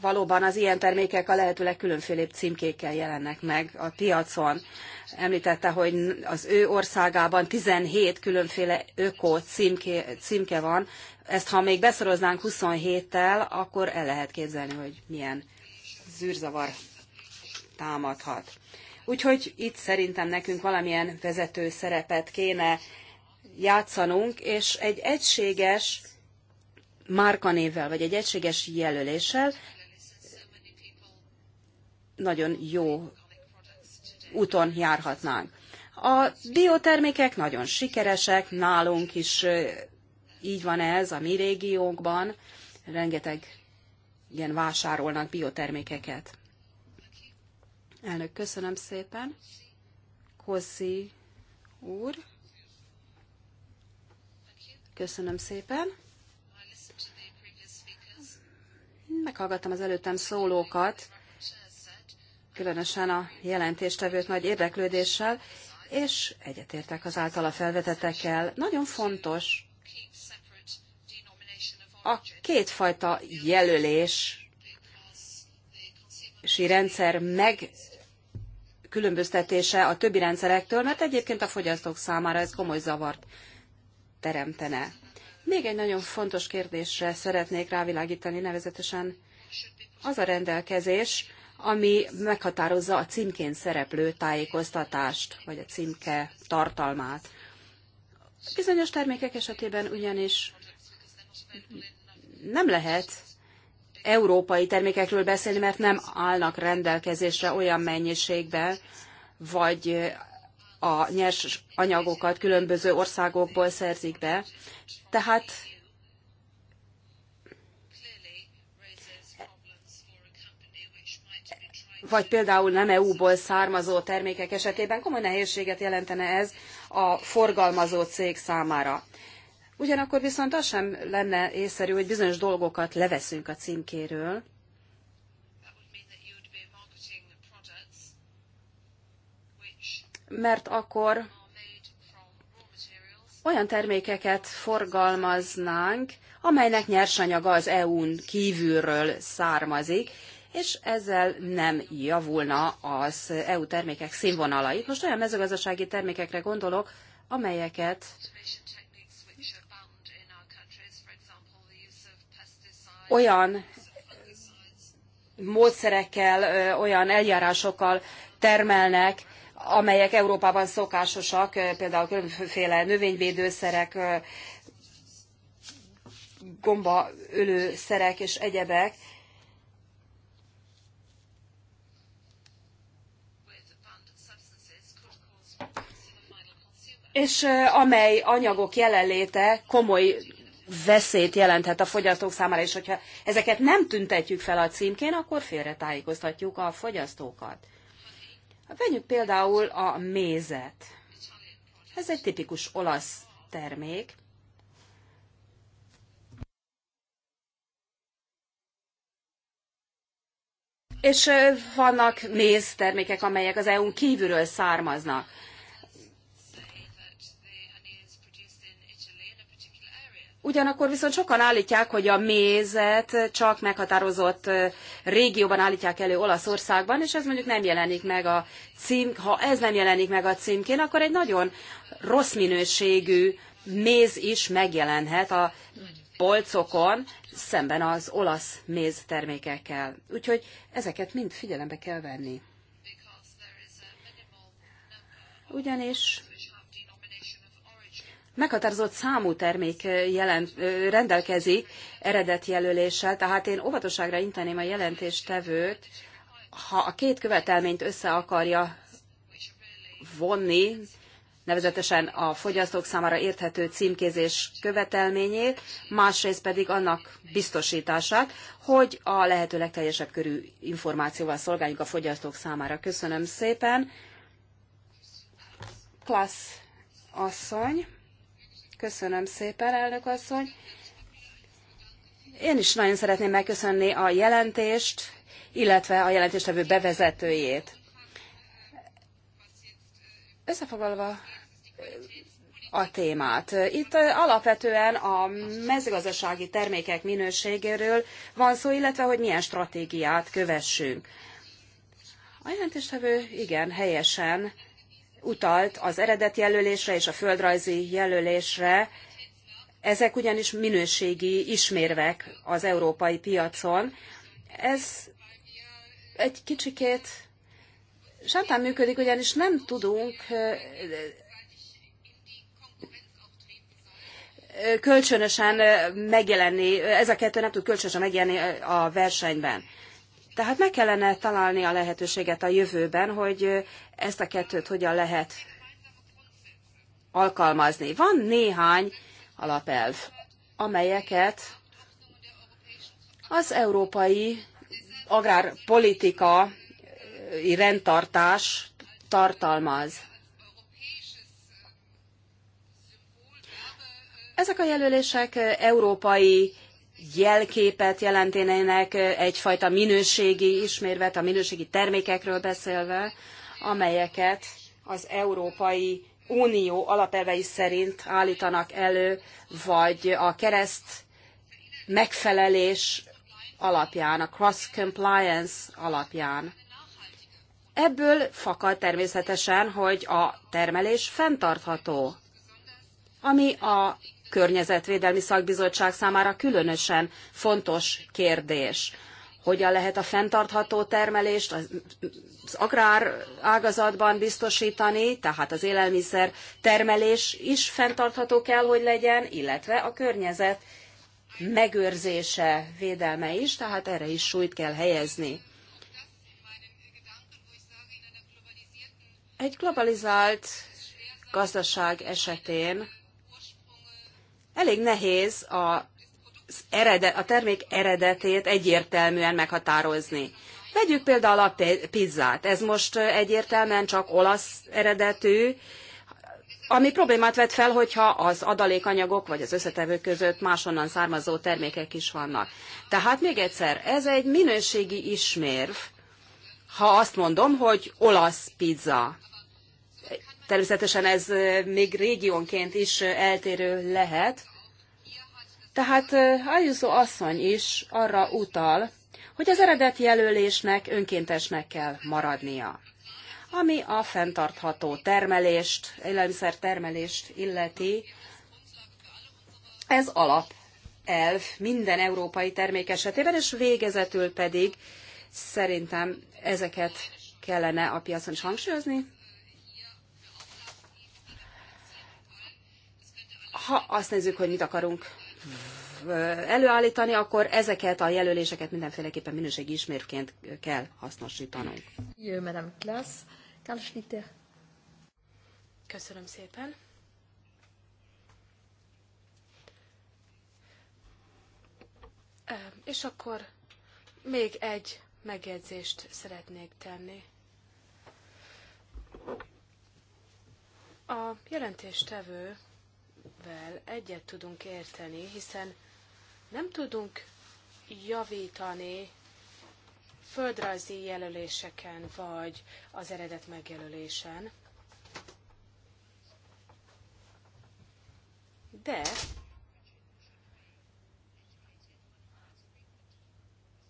Valóban az ilyen termékek a lehető legkülönfélébb címkékkel jelennek meg a piacon. Említette, hogy az ő országában 17 különféle öko címke, címke van. Ezt ha még beszoroznánk 27-tel, akkor el lehet képzelni, hogy milyen zűrzavar támadhat. Úgyhogy itt szerintem nekünk valamilyen vezető szerepet kéne játszanunk, és egy egységes márkanévvel, vagy egy egységes jelöléssel nagyon jó úton járhatnánk. A biotermékek nagyon sikeresek, nálunk is így van ez, a mi régiónkban rengeteg ilyen vásárolnak biotermékeket. Elnök, köszönöm szépen. Kossi úr. Köszönöm szépen. Meghallgattam az előttem szólókat, különösen a jelentéstevőt nagy érdeklődéssel, és egyetértek az általa felvetetekkel. Nagyon fontos a kétfajta jelölési rendszer meg különböztetése a többi rendszerektől, mert egyébként a fogyasztók számára ez komoly zavart teremtene. Még egy nagyon fontos kérdésre szeretnék rávilágítani, nevezetesen az a rendelkezés, ami meghatározza a címkén szereplő tájékoztatást, vagy a címke tartalmát. Bizonyos termékek esetében ugyanis nem lehet európai termékekről beszélni, mert nem állnak rendelkezésre olyan mennyiségben, vagy a nyers anyagokat különböző országokból szerzik be. Tehát vagy például nem EU-ból származó termékek esetében komoly nehézséget jelentene ez a forgalmazó cég számára. Ugyanakkor viszont az sem lenne észszerű, hogy bizonyos dolgokat leveszünk a címkéről, mert akkor olyan termékeket forgalmaznánk, amelynek nyersanyaga az EU-n kívülről származik, és ezzel nem javulna az EU termékek színvonala. Itt most olyan mezőgazdasági termékekre gondolok, amelyeket olyan módszerekkel, olyan eljárásokkal termelnek, amelyek Európában szokásosak, például különféle növényvédőszerek, gombaölőszerek és egyebek. És amely anyagok jelenléte komoly veszélyt jelenthet a fogyasztók számára, és hogyha ezeket nem tüntetjük fel a címkén, akkor félretájékoztatjuk a fogyasztókat. Vegyük például a mézet. Ez egy tipikus olasz termék. És vannak méztermékek, amelyek az EU-n kívülről származnak. Ugyanakkor viszont sokan állítják, hogy a mézet csak meghatározott régióban állítják elő Olaszországban, és ez mondjuk nem jelenik meg a cím, ha ez nem jelenik meg a címkén, akkor egy nagyon rossz minőségű méz is megjelenhet a polcokon, szemben az olasz méz termékekkel. Úgyhogy ezeket mind figyelembe kell venni. Ugyanis meghatározott számú termék jelent, rendelkezik eredetjelöléssel, tehát én óvatosságra inteném a jelentéstevőt, ha a két követelményt össze akarja vonni, nevezetesen a fogyasztók számára érthető címkézés követelményét, másrészt pedig annak biztosítását, hogy a lehető legteljesebb körű információval szolgáljuk a fogyasztók számára. Köszönöm szépen. Klassz asszony. Köszönöm szépen, elnök asszony. Én is nagyon szeretném megköszönni a jelentést, illetve a jelentéstevő bevezetőjét. Összefoglalva a témát. Itt alapvetően a mezőgazdasági termékek minőségéről van szó, illetve hogy milyen stratégiát kövessünk. A jelentéstevő igen helyesen utalt az eredetjelölésre és a földrajzi jelölésre, ezek ugyanis minőségi ismérvek az európai piacon. Ez egy kicsikét sántán működik, ugyanis nem tudunk kölcsönösen megjelenni, ez a kettő nem tud kölcsönösen megjelenni a versenyben. Tehát meg kellene találni a lehetőséget a jövőben, hogy ezt a kettőt hogyan lehet alkalmazni. Van néhány alapelv, amelyeket az európai agrárpolitika rendtartás tartalmaz. Ezek a jelölések európai jelképet jelentenének, egyfajta minőségi ismérvet, a minőségi termékekről beszélve, amelyeket az Európai Unió alapelvei szerint állítanak elő, vagy a kereszt megfelelés alapján, a cross-compliance alapján. Ebből fakad természetesen, hogy a termelés fenntartható, ami a környezetvédelmi szakbizottság számára különösen fontos kérdés. Hogyan lehet a fenntartható termelést az agrár ágazatban biztosítani, tehát az élelmiszer termelés is fenntartható kell, hogy legyen, illetve a környezet megőrzése, védelme is, tehát erre is súlyt kell helyezni. Egy globalizált gazdaság esetén elég nehéz a, eredet, a termék eredetét egyértelműen meghatározni. Vegyük például a pizzát. Ez most egyértelműen csak olasz eredetű, ami problémát vet fel, hogyha az adalékanyagok vagy az összetevők között máshonnan származó termékek is vannak. Tehát még egyszer, ez egy minőségi ismérv, ha azt mondom, hogy olasz pizza. Természetesen ez még régiónként is eltérő lehet. Tehát Ayuso asszony is arra utal, hogy az eredeti jelölésnek önkéntesnek kell maradnia. Ami a fenntartható termelést, termelést illeti, ez alap, elf minden európai termék esetében, és végezetül pedig szerintem ezeket kellene a piacon is hangsúlyozni, ha azt nézzük, hogy mit akarunk előállítani, akkor ezeket a jelöléseket mindenféleképpen minőségi ismérként kell hasznosítanunk. Jö, Madame Klasz, Karl Schlitter. Köszönöm szépen. És akkor még egy megjegyzést szeretnék tenni. A jelentéstevő vel egyet tudunk érteni, hiszen nem tudunk javítani földrajzi jelöléseken, vagy az eredet megjelölésen. De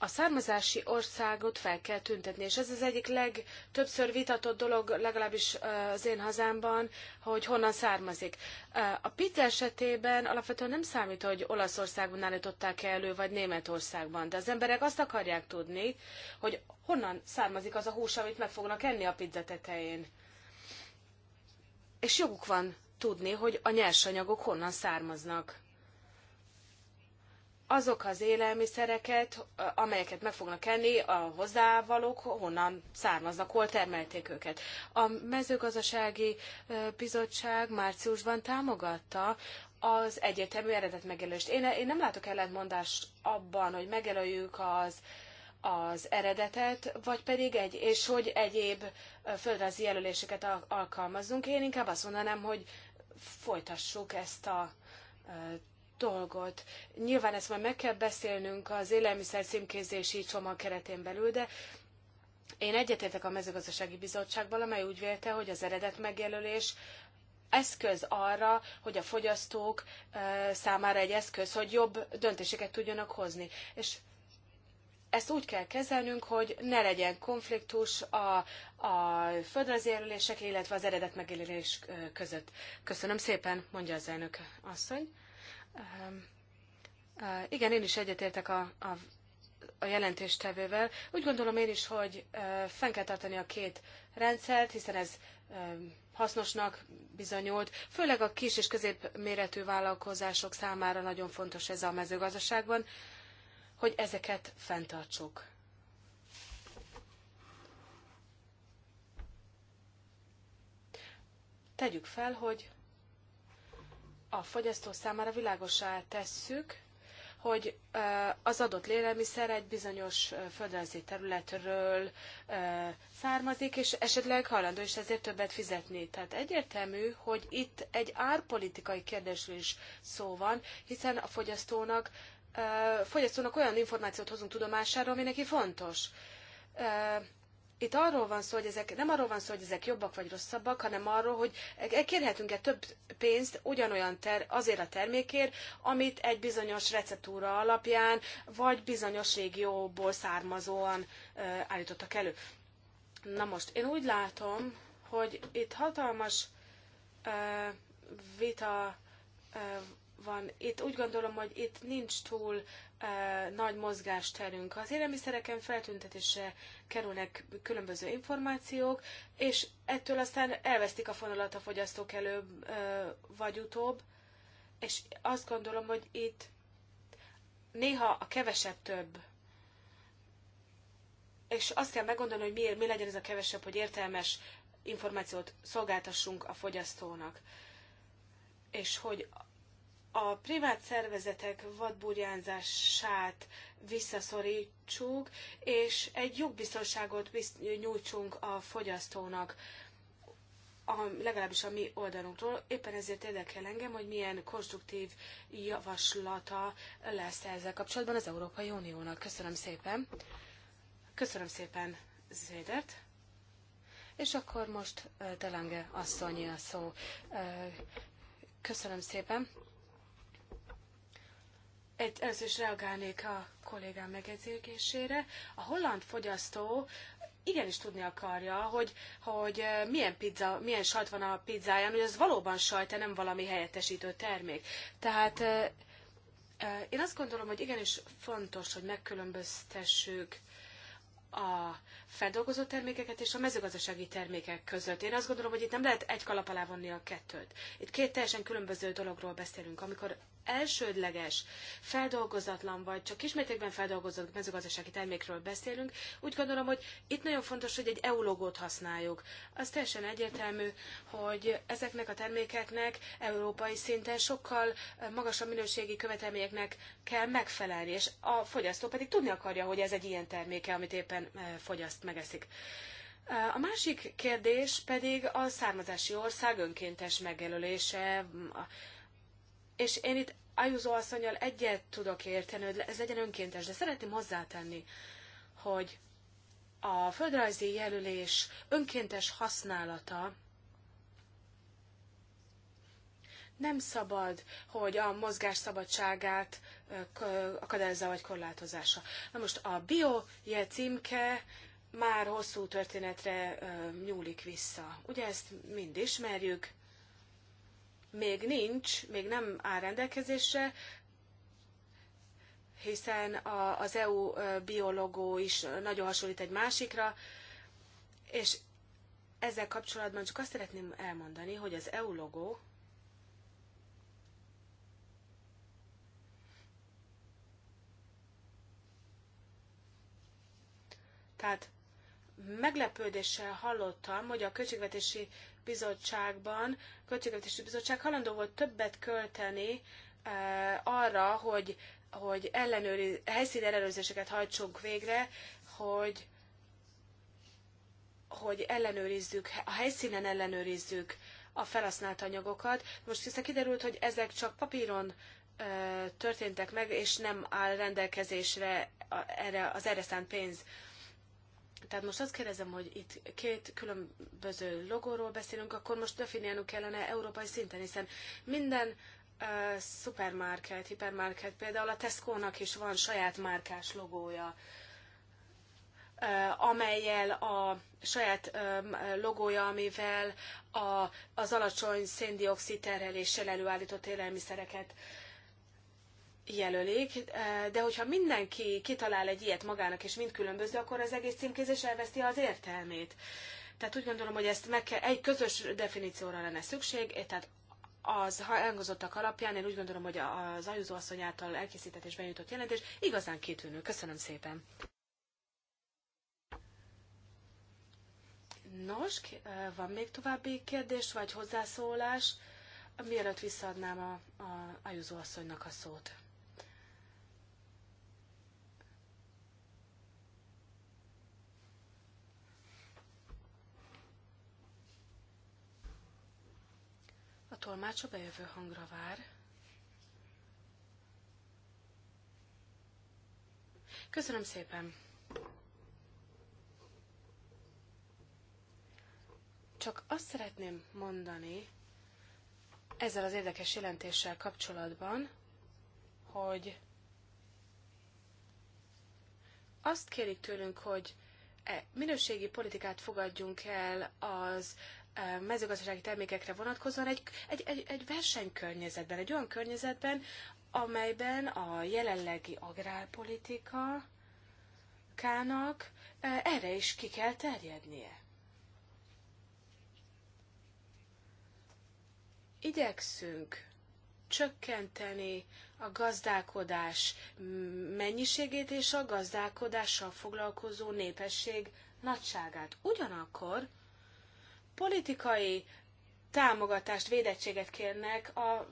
a származási országot fel kell tüntetni, és ez az egyik legtöbbször vitatott dolog, legalábbis az én hazámban, hogy honnan származik. A pizza esetében alapvetően nem számít, hogy Olaszországban állították -e elő, vagy Németországban, de az emberek azt akarják tudni, hogy honnan származik az a hús, amit meg fognak enni a pizza tetején. És joguk van tudni, hogy a nyersanyagok honnan származnak azok az élelmiszereket, amelyeket meg fognak enni, a hozzávalók honnan származnak, hol termelték őket. A mezőgazdasági bizottság márciusban támogatta az egyetemű eredet megjelölést. Én, én nem látok ellentmondást abban, hogy megjelöljük az az eredetet, vagy pedig egy, és hogy egyéb földrajzi jelöléseket alkalmazzunk. Én inkább azt mondanám, hogy folytassuk ezt a dolgot. Nyilván ezt majd meg kell beszélnünk az élelmiszer címkézési csomag keretén belül, de én egyetértek a mezőgazdasági bizottságban, amely úgy vélte, hogy az eredet megjelölés eszköz arra, hogy a fogyasztók számára egy eszköz, hogy jobb döntéseket tudjanak hozni. És ezt úgy kell kezelnünk, hogy ne legyen konfliktus a, a földrajzjelölések, illetve az eredet megjelölés között. Köszönöm szépen, mondja az elnök asszony. Ehm, igen, én is egyetértek a, a, a jelentéstevővel. Úgy gondolom én is, hogy fenn kell tartani a két rendszert, hiszen ez hasznosnak bizonyult. Főleg a kis és középméretű vállalkozások számára nagyon fontos ez a mezőgazdaságban, hogy ezeket fenntartsuk. Tegyük fel, hogy a fogyasztó számára világosá tesszük, hogy az adott lélelmiszer egy bizonyos földrajzi területről származik, és esetleg hajlandó is ezért többet fizetni. Tehát egyértelmű, hogy itt egy árpolitikai kérdésről is szó van, hiszen a fogyasztónak, fogyasztónak olyan információt hozunk tudomására, ami neki fontos itt arról van szó, hogy ezek, nem arról van szó, hogy ezek jobbak vagy rosszabbak, hanem arról, hogy kérhetünk-e több pénzt ugyanolyan ter, azért a termékért, amit egy bizonyos receptúra alapján, vagy bizonyos régióból származóan ö, állítottak elő. Na most, én úgy látom, hogy itt hatalmas ö, vita ö, van. Itt úgy gondolom, hogy itt nincs túl nagy mozgásterünk. Az élelmiszereken feltüntetésre kerülnek különböző információk, és ettől aztán elvesztik a fonalat a fogyasztók előbb vagy utóbb, és azt gondolom, hogy itt néha a kevesebb több. És azt kell meggondolni, hogy miért, mi legyen ez a kevesebb, hogy értelmes információt szolgáltassunk a fogyasztónak. És hogy a privát szervezetek vadburjánzását visszaszorítsuk, és egy jogbiztonságot nyújtsunk a fogyasztónak, a, legalábbis a mi oldalunkról. Éppen ezért érdekel engem, hogy milyen konstruktív javaslata lesz ezzel kapcsolatban az Európai Uniónak. Köszönöm szépen. Köszönöm szépen, Zédert. És akkor most Telange asszonyi a szó. Köszönöm szépen egy, először is reagálnék a kollégám megjegyzésére. A holland fogyasztó igenis tudni akarja, hogy, hogy eh, milyen, pizza, milyen sajt van a pizzáján, hogy az valóban sajt, nem valami helyettesítő termék. Tehát eh, eh, én azt gondolom, hogy igenis fontos, hogy megkülönböztessük a, feldolgozott termékeket és a mezőgazdasági termékek között. Én azt gondolom, hogy itt nem lehet egy kalap alá vonni a kettőt. Itt két teljesen különböző dologról beszélünk. Amikor elsődleges, feldolgozatlan vagy csak kismértékben feldolgozott mezőgazdasági termékről beszélünk, úgy gondolom, hogy itt nagyon fontos, hogy egy EU logót használjuk. Az teljesen egyértelmű, hogy ezeknek a termékeknek európai szinten sokkal eh, magasabb minőségi követelményeknek kell megfelelni, és a fogyasztó pedig tudni akarja, hogy ez egy ilyen terméke, amit éppen eh, fogyaszt megeszik. A másik kérdés pedig a származási ország önkéntes megjelölése, és én itt Ajuzó asszonyjal egyet tudok érteni, hogy ez legyen önkéntes, de szeretném hozzátenni, hogy a földrajzi jelölés önkéntes használata nem szabad, hogy a mozgás szabadságát akadályozza vagy korlátozása. Na most a bio címke már hosszú történetre nyúlik vissza. Ugye ezt mind ismerjük, még nincs, még nem áll rendelkezésre, hiszen a, az EU biológó is nagyon hasonlít egy másikra, és ezzel kapcsolatban csak azt szeretném elmondani, hogy az EU logó tehát meglepődéssel hallottam, hogy a Költségvetési Bizottságban, Költségvetési Bizottság halandó volt többet költeni eh, arra, hogy, hogy ellenőri, helyszíni ellenőrzéseket hajtsunk végre, hogy, hogy ellenőrizzük, a helyszínen ellenőrizzük a felhasznált anyagokat. Most hiszen kiderült, hogy ezek csak papíron eh, történtek meg, és nem áll rendelkezésre a, erre, az erre szánt pénz. Tehát most azt kérdezem, hogy itt két különböző logóról beszélünk, akkor most definiálnunk kellene európai szinten, hiszen minden uh, szupermarket, hipermarket, például a Tesco-nak is van saját márkás logója, uh, amelyel a saját um, logója, amivel a, az alacsony széndiokszid terheléssel előállított élelmiszereket uh, jelölik, de hogyha mindenki kitalál egy ilyet magának, és mind különböző, akkor az egész címkézés elveszti az értelmét. Tehát úgy gondolom, hogy ezt meg kell, egy közös definícióra lenne szükség, eh, tehát az ha elhangozottak alapján én úgy gondolom, hogy az Ajúzó asszony által elkészített és benyújtott jelentés igazán kitűnő. Köszönöm szépen! Nos, eh, van még további kérdés vagy hozzászólás? Mielőtt visszaadnám a, a Ajúzó asszonynak a szót. A tolmács a bejövő hangra vár. Köszönöm szépen! Csak azt szeretném mondani ezzel az érdekes jelentéssel kapcsolatban, hogy azt kérik tőlünk, hogy e minőségi politikát fogadjunk el az mezőgazdasági termékekre vonatkozóan egy, egy, egy, egy versenykörnyezetben, egy olyan környezetben, amelyben a jelenlegi agrárpolitika kának erre is ki kell terjednie. Igyekszünk csökkenteni a gazdálkodás mennyiségét és a gazdálkodással foglalkozó népesség nagyságát. Ugyanakkor politikai támogatást, védettséget kérnek a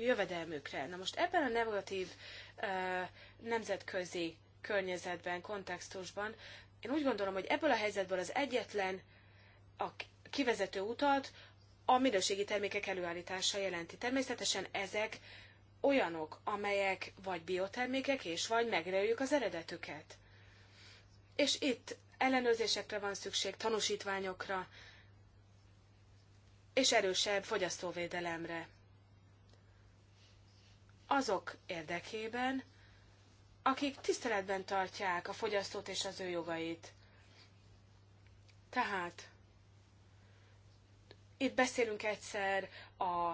jövedelmükre. Na most ebben a negatív nemzetközi környezetben, kontextusban, én úgy gondolom, hogy ebből a helyzetből az egyetlen a kivezető utat a minőségi termékek előállítása jelenti. Természetesen ezek olyanok, amelyek vagy biotermékek, és vagy megreljük az eredetüket. És itt ellenőrzésekre van szükség, tanúsítványokra, és erősebb fogyasztóvédelemre. Azok érdekében, akik tiszteletben tartják a fogyasztót és az ő jogait. Tehát itt beszélünk egyszer a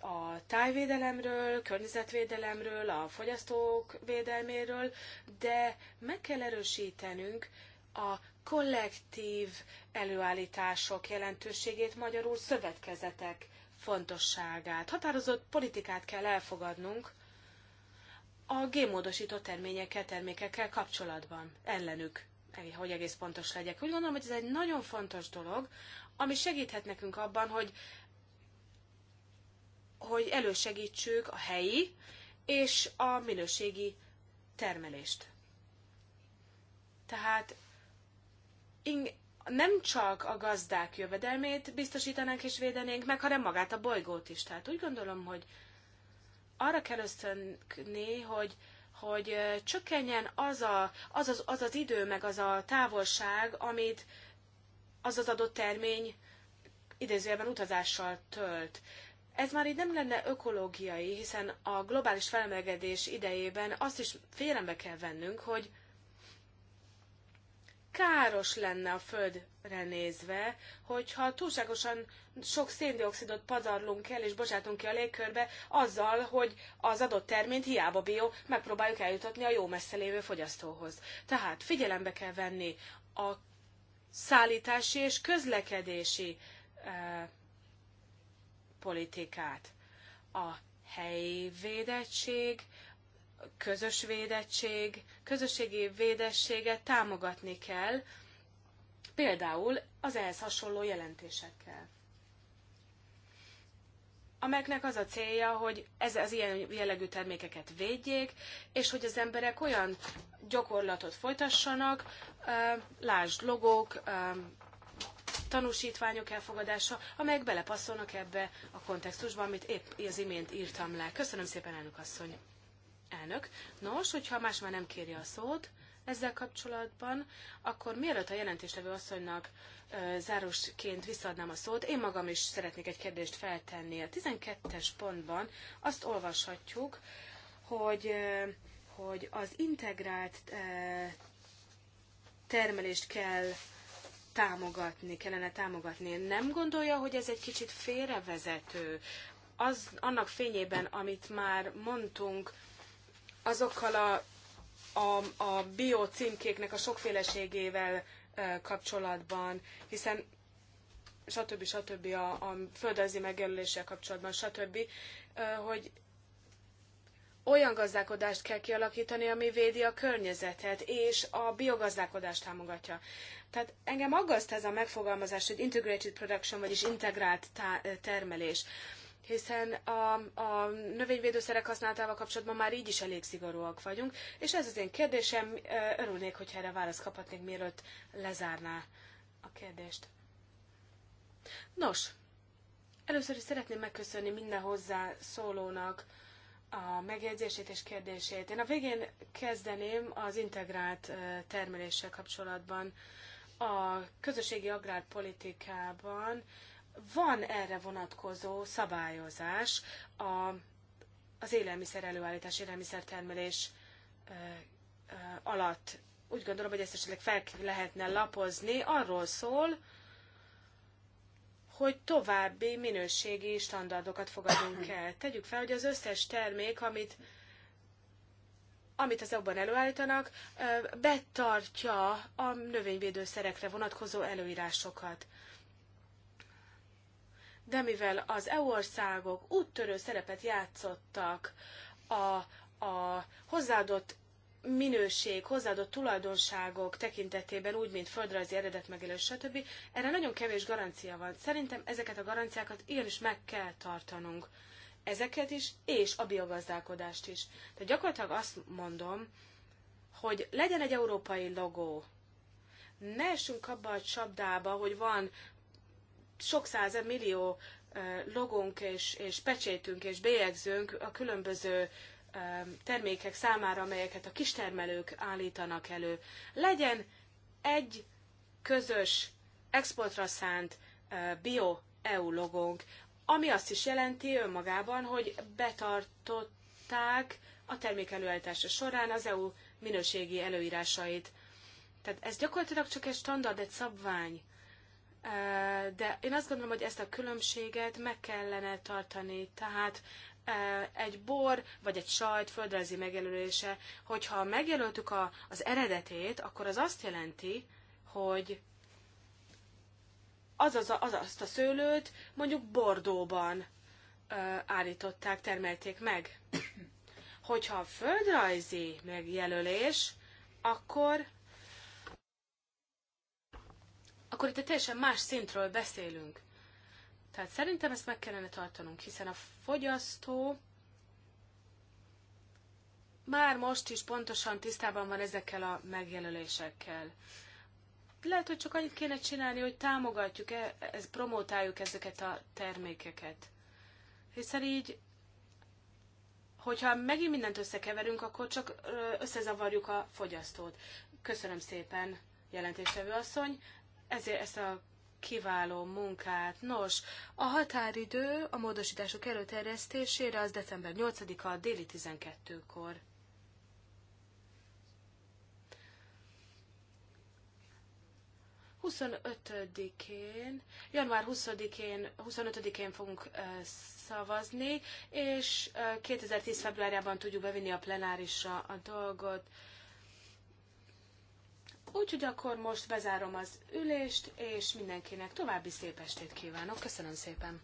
a tájvédelemről, környezetvédelemről, a fogyasztók védelméről, de meg kell erősítenünk a kollektív előállítások jelentőségét, magyarul szövetkezetek fontosságát. Határozott politikát kell elfogadnunk a gémódosított terményekkel, termékekkel kapcsolatban, ellenük, eh, hogy egész pontos legyek. Úgy gondolom, hogy ez egy nagyon fontos dolog, ami segíthet nekünk abban, hogy, hogy elősegítsük a helyi és a minőségi termelést. Tehát nem csak a gazdák jövedelmét biztosítanánk és védenénk meg, hanem magát a bolygót is. Tehát úgy gondolom, hogy arra kell ösztönni, hogy, hogy csökkenjen az, a, az, az, az az idő, meg az a távolság, amit az az adott termény idézőjelben utazással tölt. Ez már így nem lenne ökológiai, hiszen a globális felmelegedés idejében azt is félembe kell vennünk, hogy káros lenne a Földre nézve, hogyha túlságosan sok széndiokszidot pazarlunk el és bocsátunk ki a légkörbe azzal, hogy az adott terményt hiába bio, megpróbáljuk eljutatni a jó messze lévő fogyasztóhoz. Tehát figyelembe kell venni a szállítási és közlekedési eh, politikát, a helyi védettség, közös védettség, közösségi védességet támogatni kell, például az ehhez hasonló jelentésekkel amelyeknek az a célja, hogy ez az ilyen jellegű termékeket védjék, és hogy az emberek olyan gyakorlatot folytassanak, lásd logók, tanúsítványok elfogadása, amelyek belepasszolnak ebbe a kontextusba, amit épp az imént írtam le. Köszönöm szépen, elnök asszony! Elnök, nos, hogyha más már nem kéri a szót ezzel kapcsolatban, akkor mielőtt a jelentéstevő asszonynak ö, zárosként visszaadnám a szót, én magam is szeretnék egy kérdést feltenni. A 12-es pontban azt olvashatjuk, hogy, ö, hogy az integrált ö, termelést kell támogatni, kellene támogatni. Nem gondolja, hogy ez egy kicsit félrevezető? Az, annak fényében, amit már mondtunk azokkal a, a, a bio címkéknek a sokféleségével kapcsolatban, hiszen stb. stb. a, a földrajzi megjelöléssel kapcsolatban, stb., hogy olyan gazdálkodást kell kialakítani, ami védi a környezetet, és a biogazdálkodást támogatja. Tehát engem aggaszt ez a megfogalmazás, hogy integrated production, vagyis integrált termelés hiszen a, a növényvédőszerek használatával kapcsolatban már így is elég szigorúak vagyunk, és ez az én kérdésem, örülnék, hogyha erre választ kaphatnék, mielőtt lezárná a kérdést. Nos, először is szeretném megköszönni minden hozzászólónak szólónak a megjegyzését és kérdését. Én a végén kezdeném az integrált termeléssel kapcsolatban. A közösségi agrárpolitikában van erre vonatkozó szabályozás a, az élelmiszer előállítás, élelmiszertermelés ö, ö, alatt. Úgy gondolom, hogy ezt esetleg fel lehetne lapozni. Arról szól, hogy további minőségi standardokat fogadunk el. Tegyük fel, hogy az összes termék, amit, amit az abban előállítanak, betartja a növényvédőszerekre vonatkozó előírásokat de mivel az EU országok úttörő szerepet játszottak a, a hozzáadott minőség, hozzáadott tulajdonságok tekintetében, úgy, mint földrajzi eredet megélés, stb. Erre nagyon kevés garancia van. Szerintem ezeket a garanciákat igenis meg kell tartanunk. Ezeket is, és a biogazdálkodást is. Tehát gyakorlatilag azt mondom, hogy legyen egy európai logó. Ne essünk abba a csapdába, hogy van sok száz millió logónk és, és pecsétünk és bélyegzőnk a különböző termékek számára, amelyeket a kistermelők állítanak elő. Legyen egy közös exportra szánt bio EU logónk, ami azt is jelenti önmagában, hogy betartották a termék előállítása során az EU minőségi előírásait. Tehát ez gyakorlatilag csak egy standard, egy szabvány de én azt gondolom, hogy ezt a különbséget meg kellene tartani. Tehát egy bor vagy egy sajt földrajzi megjelölése, hogyha megjelöltük a, az eredetét, akkor az azt jelenti, hogy az, az, az azt a szőlőt mondjuk Bordóban állították, termelték meg. Hogyha földrajzi megjelölés, akkor akkor itt egy teljesen más szintről beszélünk. Tehát szerintem ezt meg kellene tartanunk, hiszen a fogyasztó már most is pontosan tisztában van ezekkel a megjelölésekkel. Lehet, hogy csak annyit kéne csinálni, hogy támogatjuk, ez, promotáljuk ezeket a termékeket. Hiszen így, hogyha megint mindent összekeverünk, akkor csak összezavarjuk a fogyasztót. Köszönöm szépen, jelentéstevő asszony ezért ezt a kiváló munkát. Nos, a határidő a módosítások előterjesztésére az december 8-a déli 12-kor. én január 20-én, 25-én fogunk szavazni, és 2010. februárjában tudjuk bevinni a plenárisra a dolgot. Úgyhogy akkor most bezárom az ülést, és mindenkinek további szép estét kívánok. Köszönöm szépen!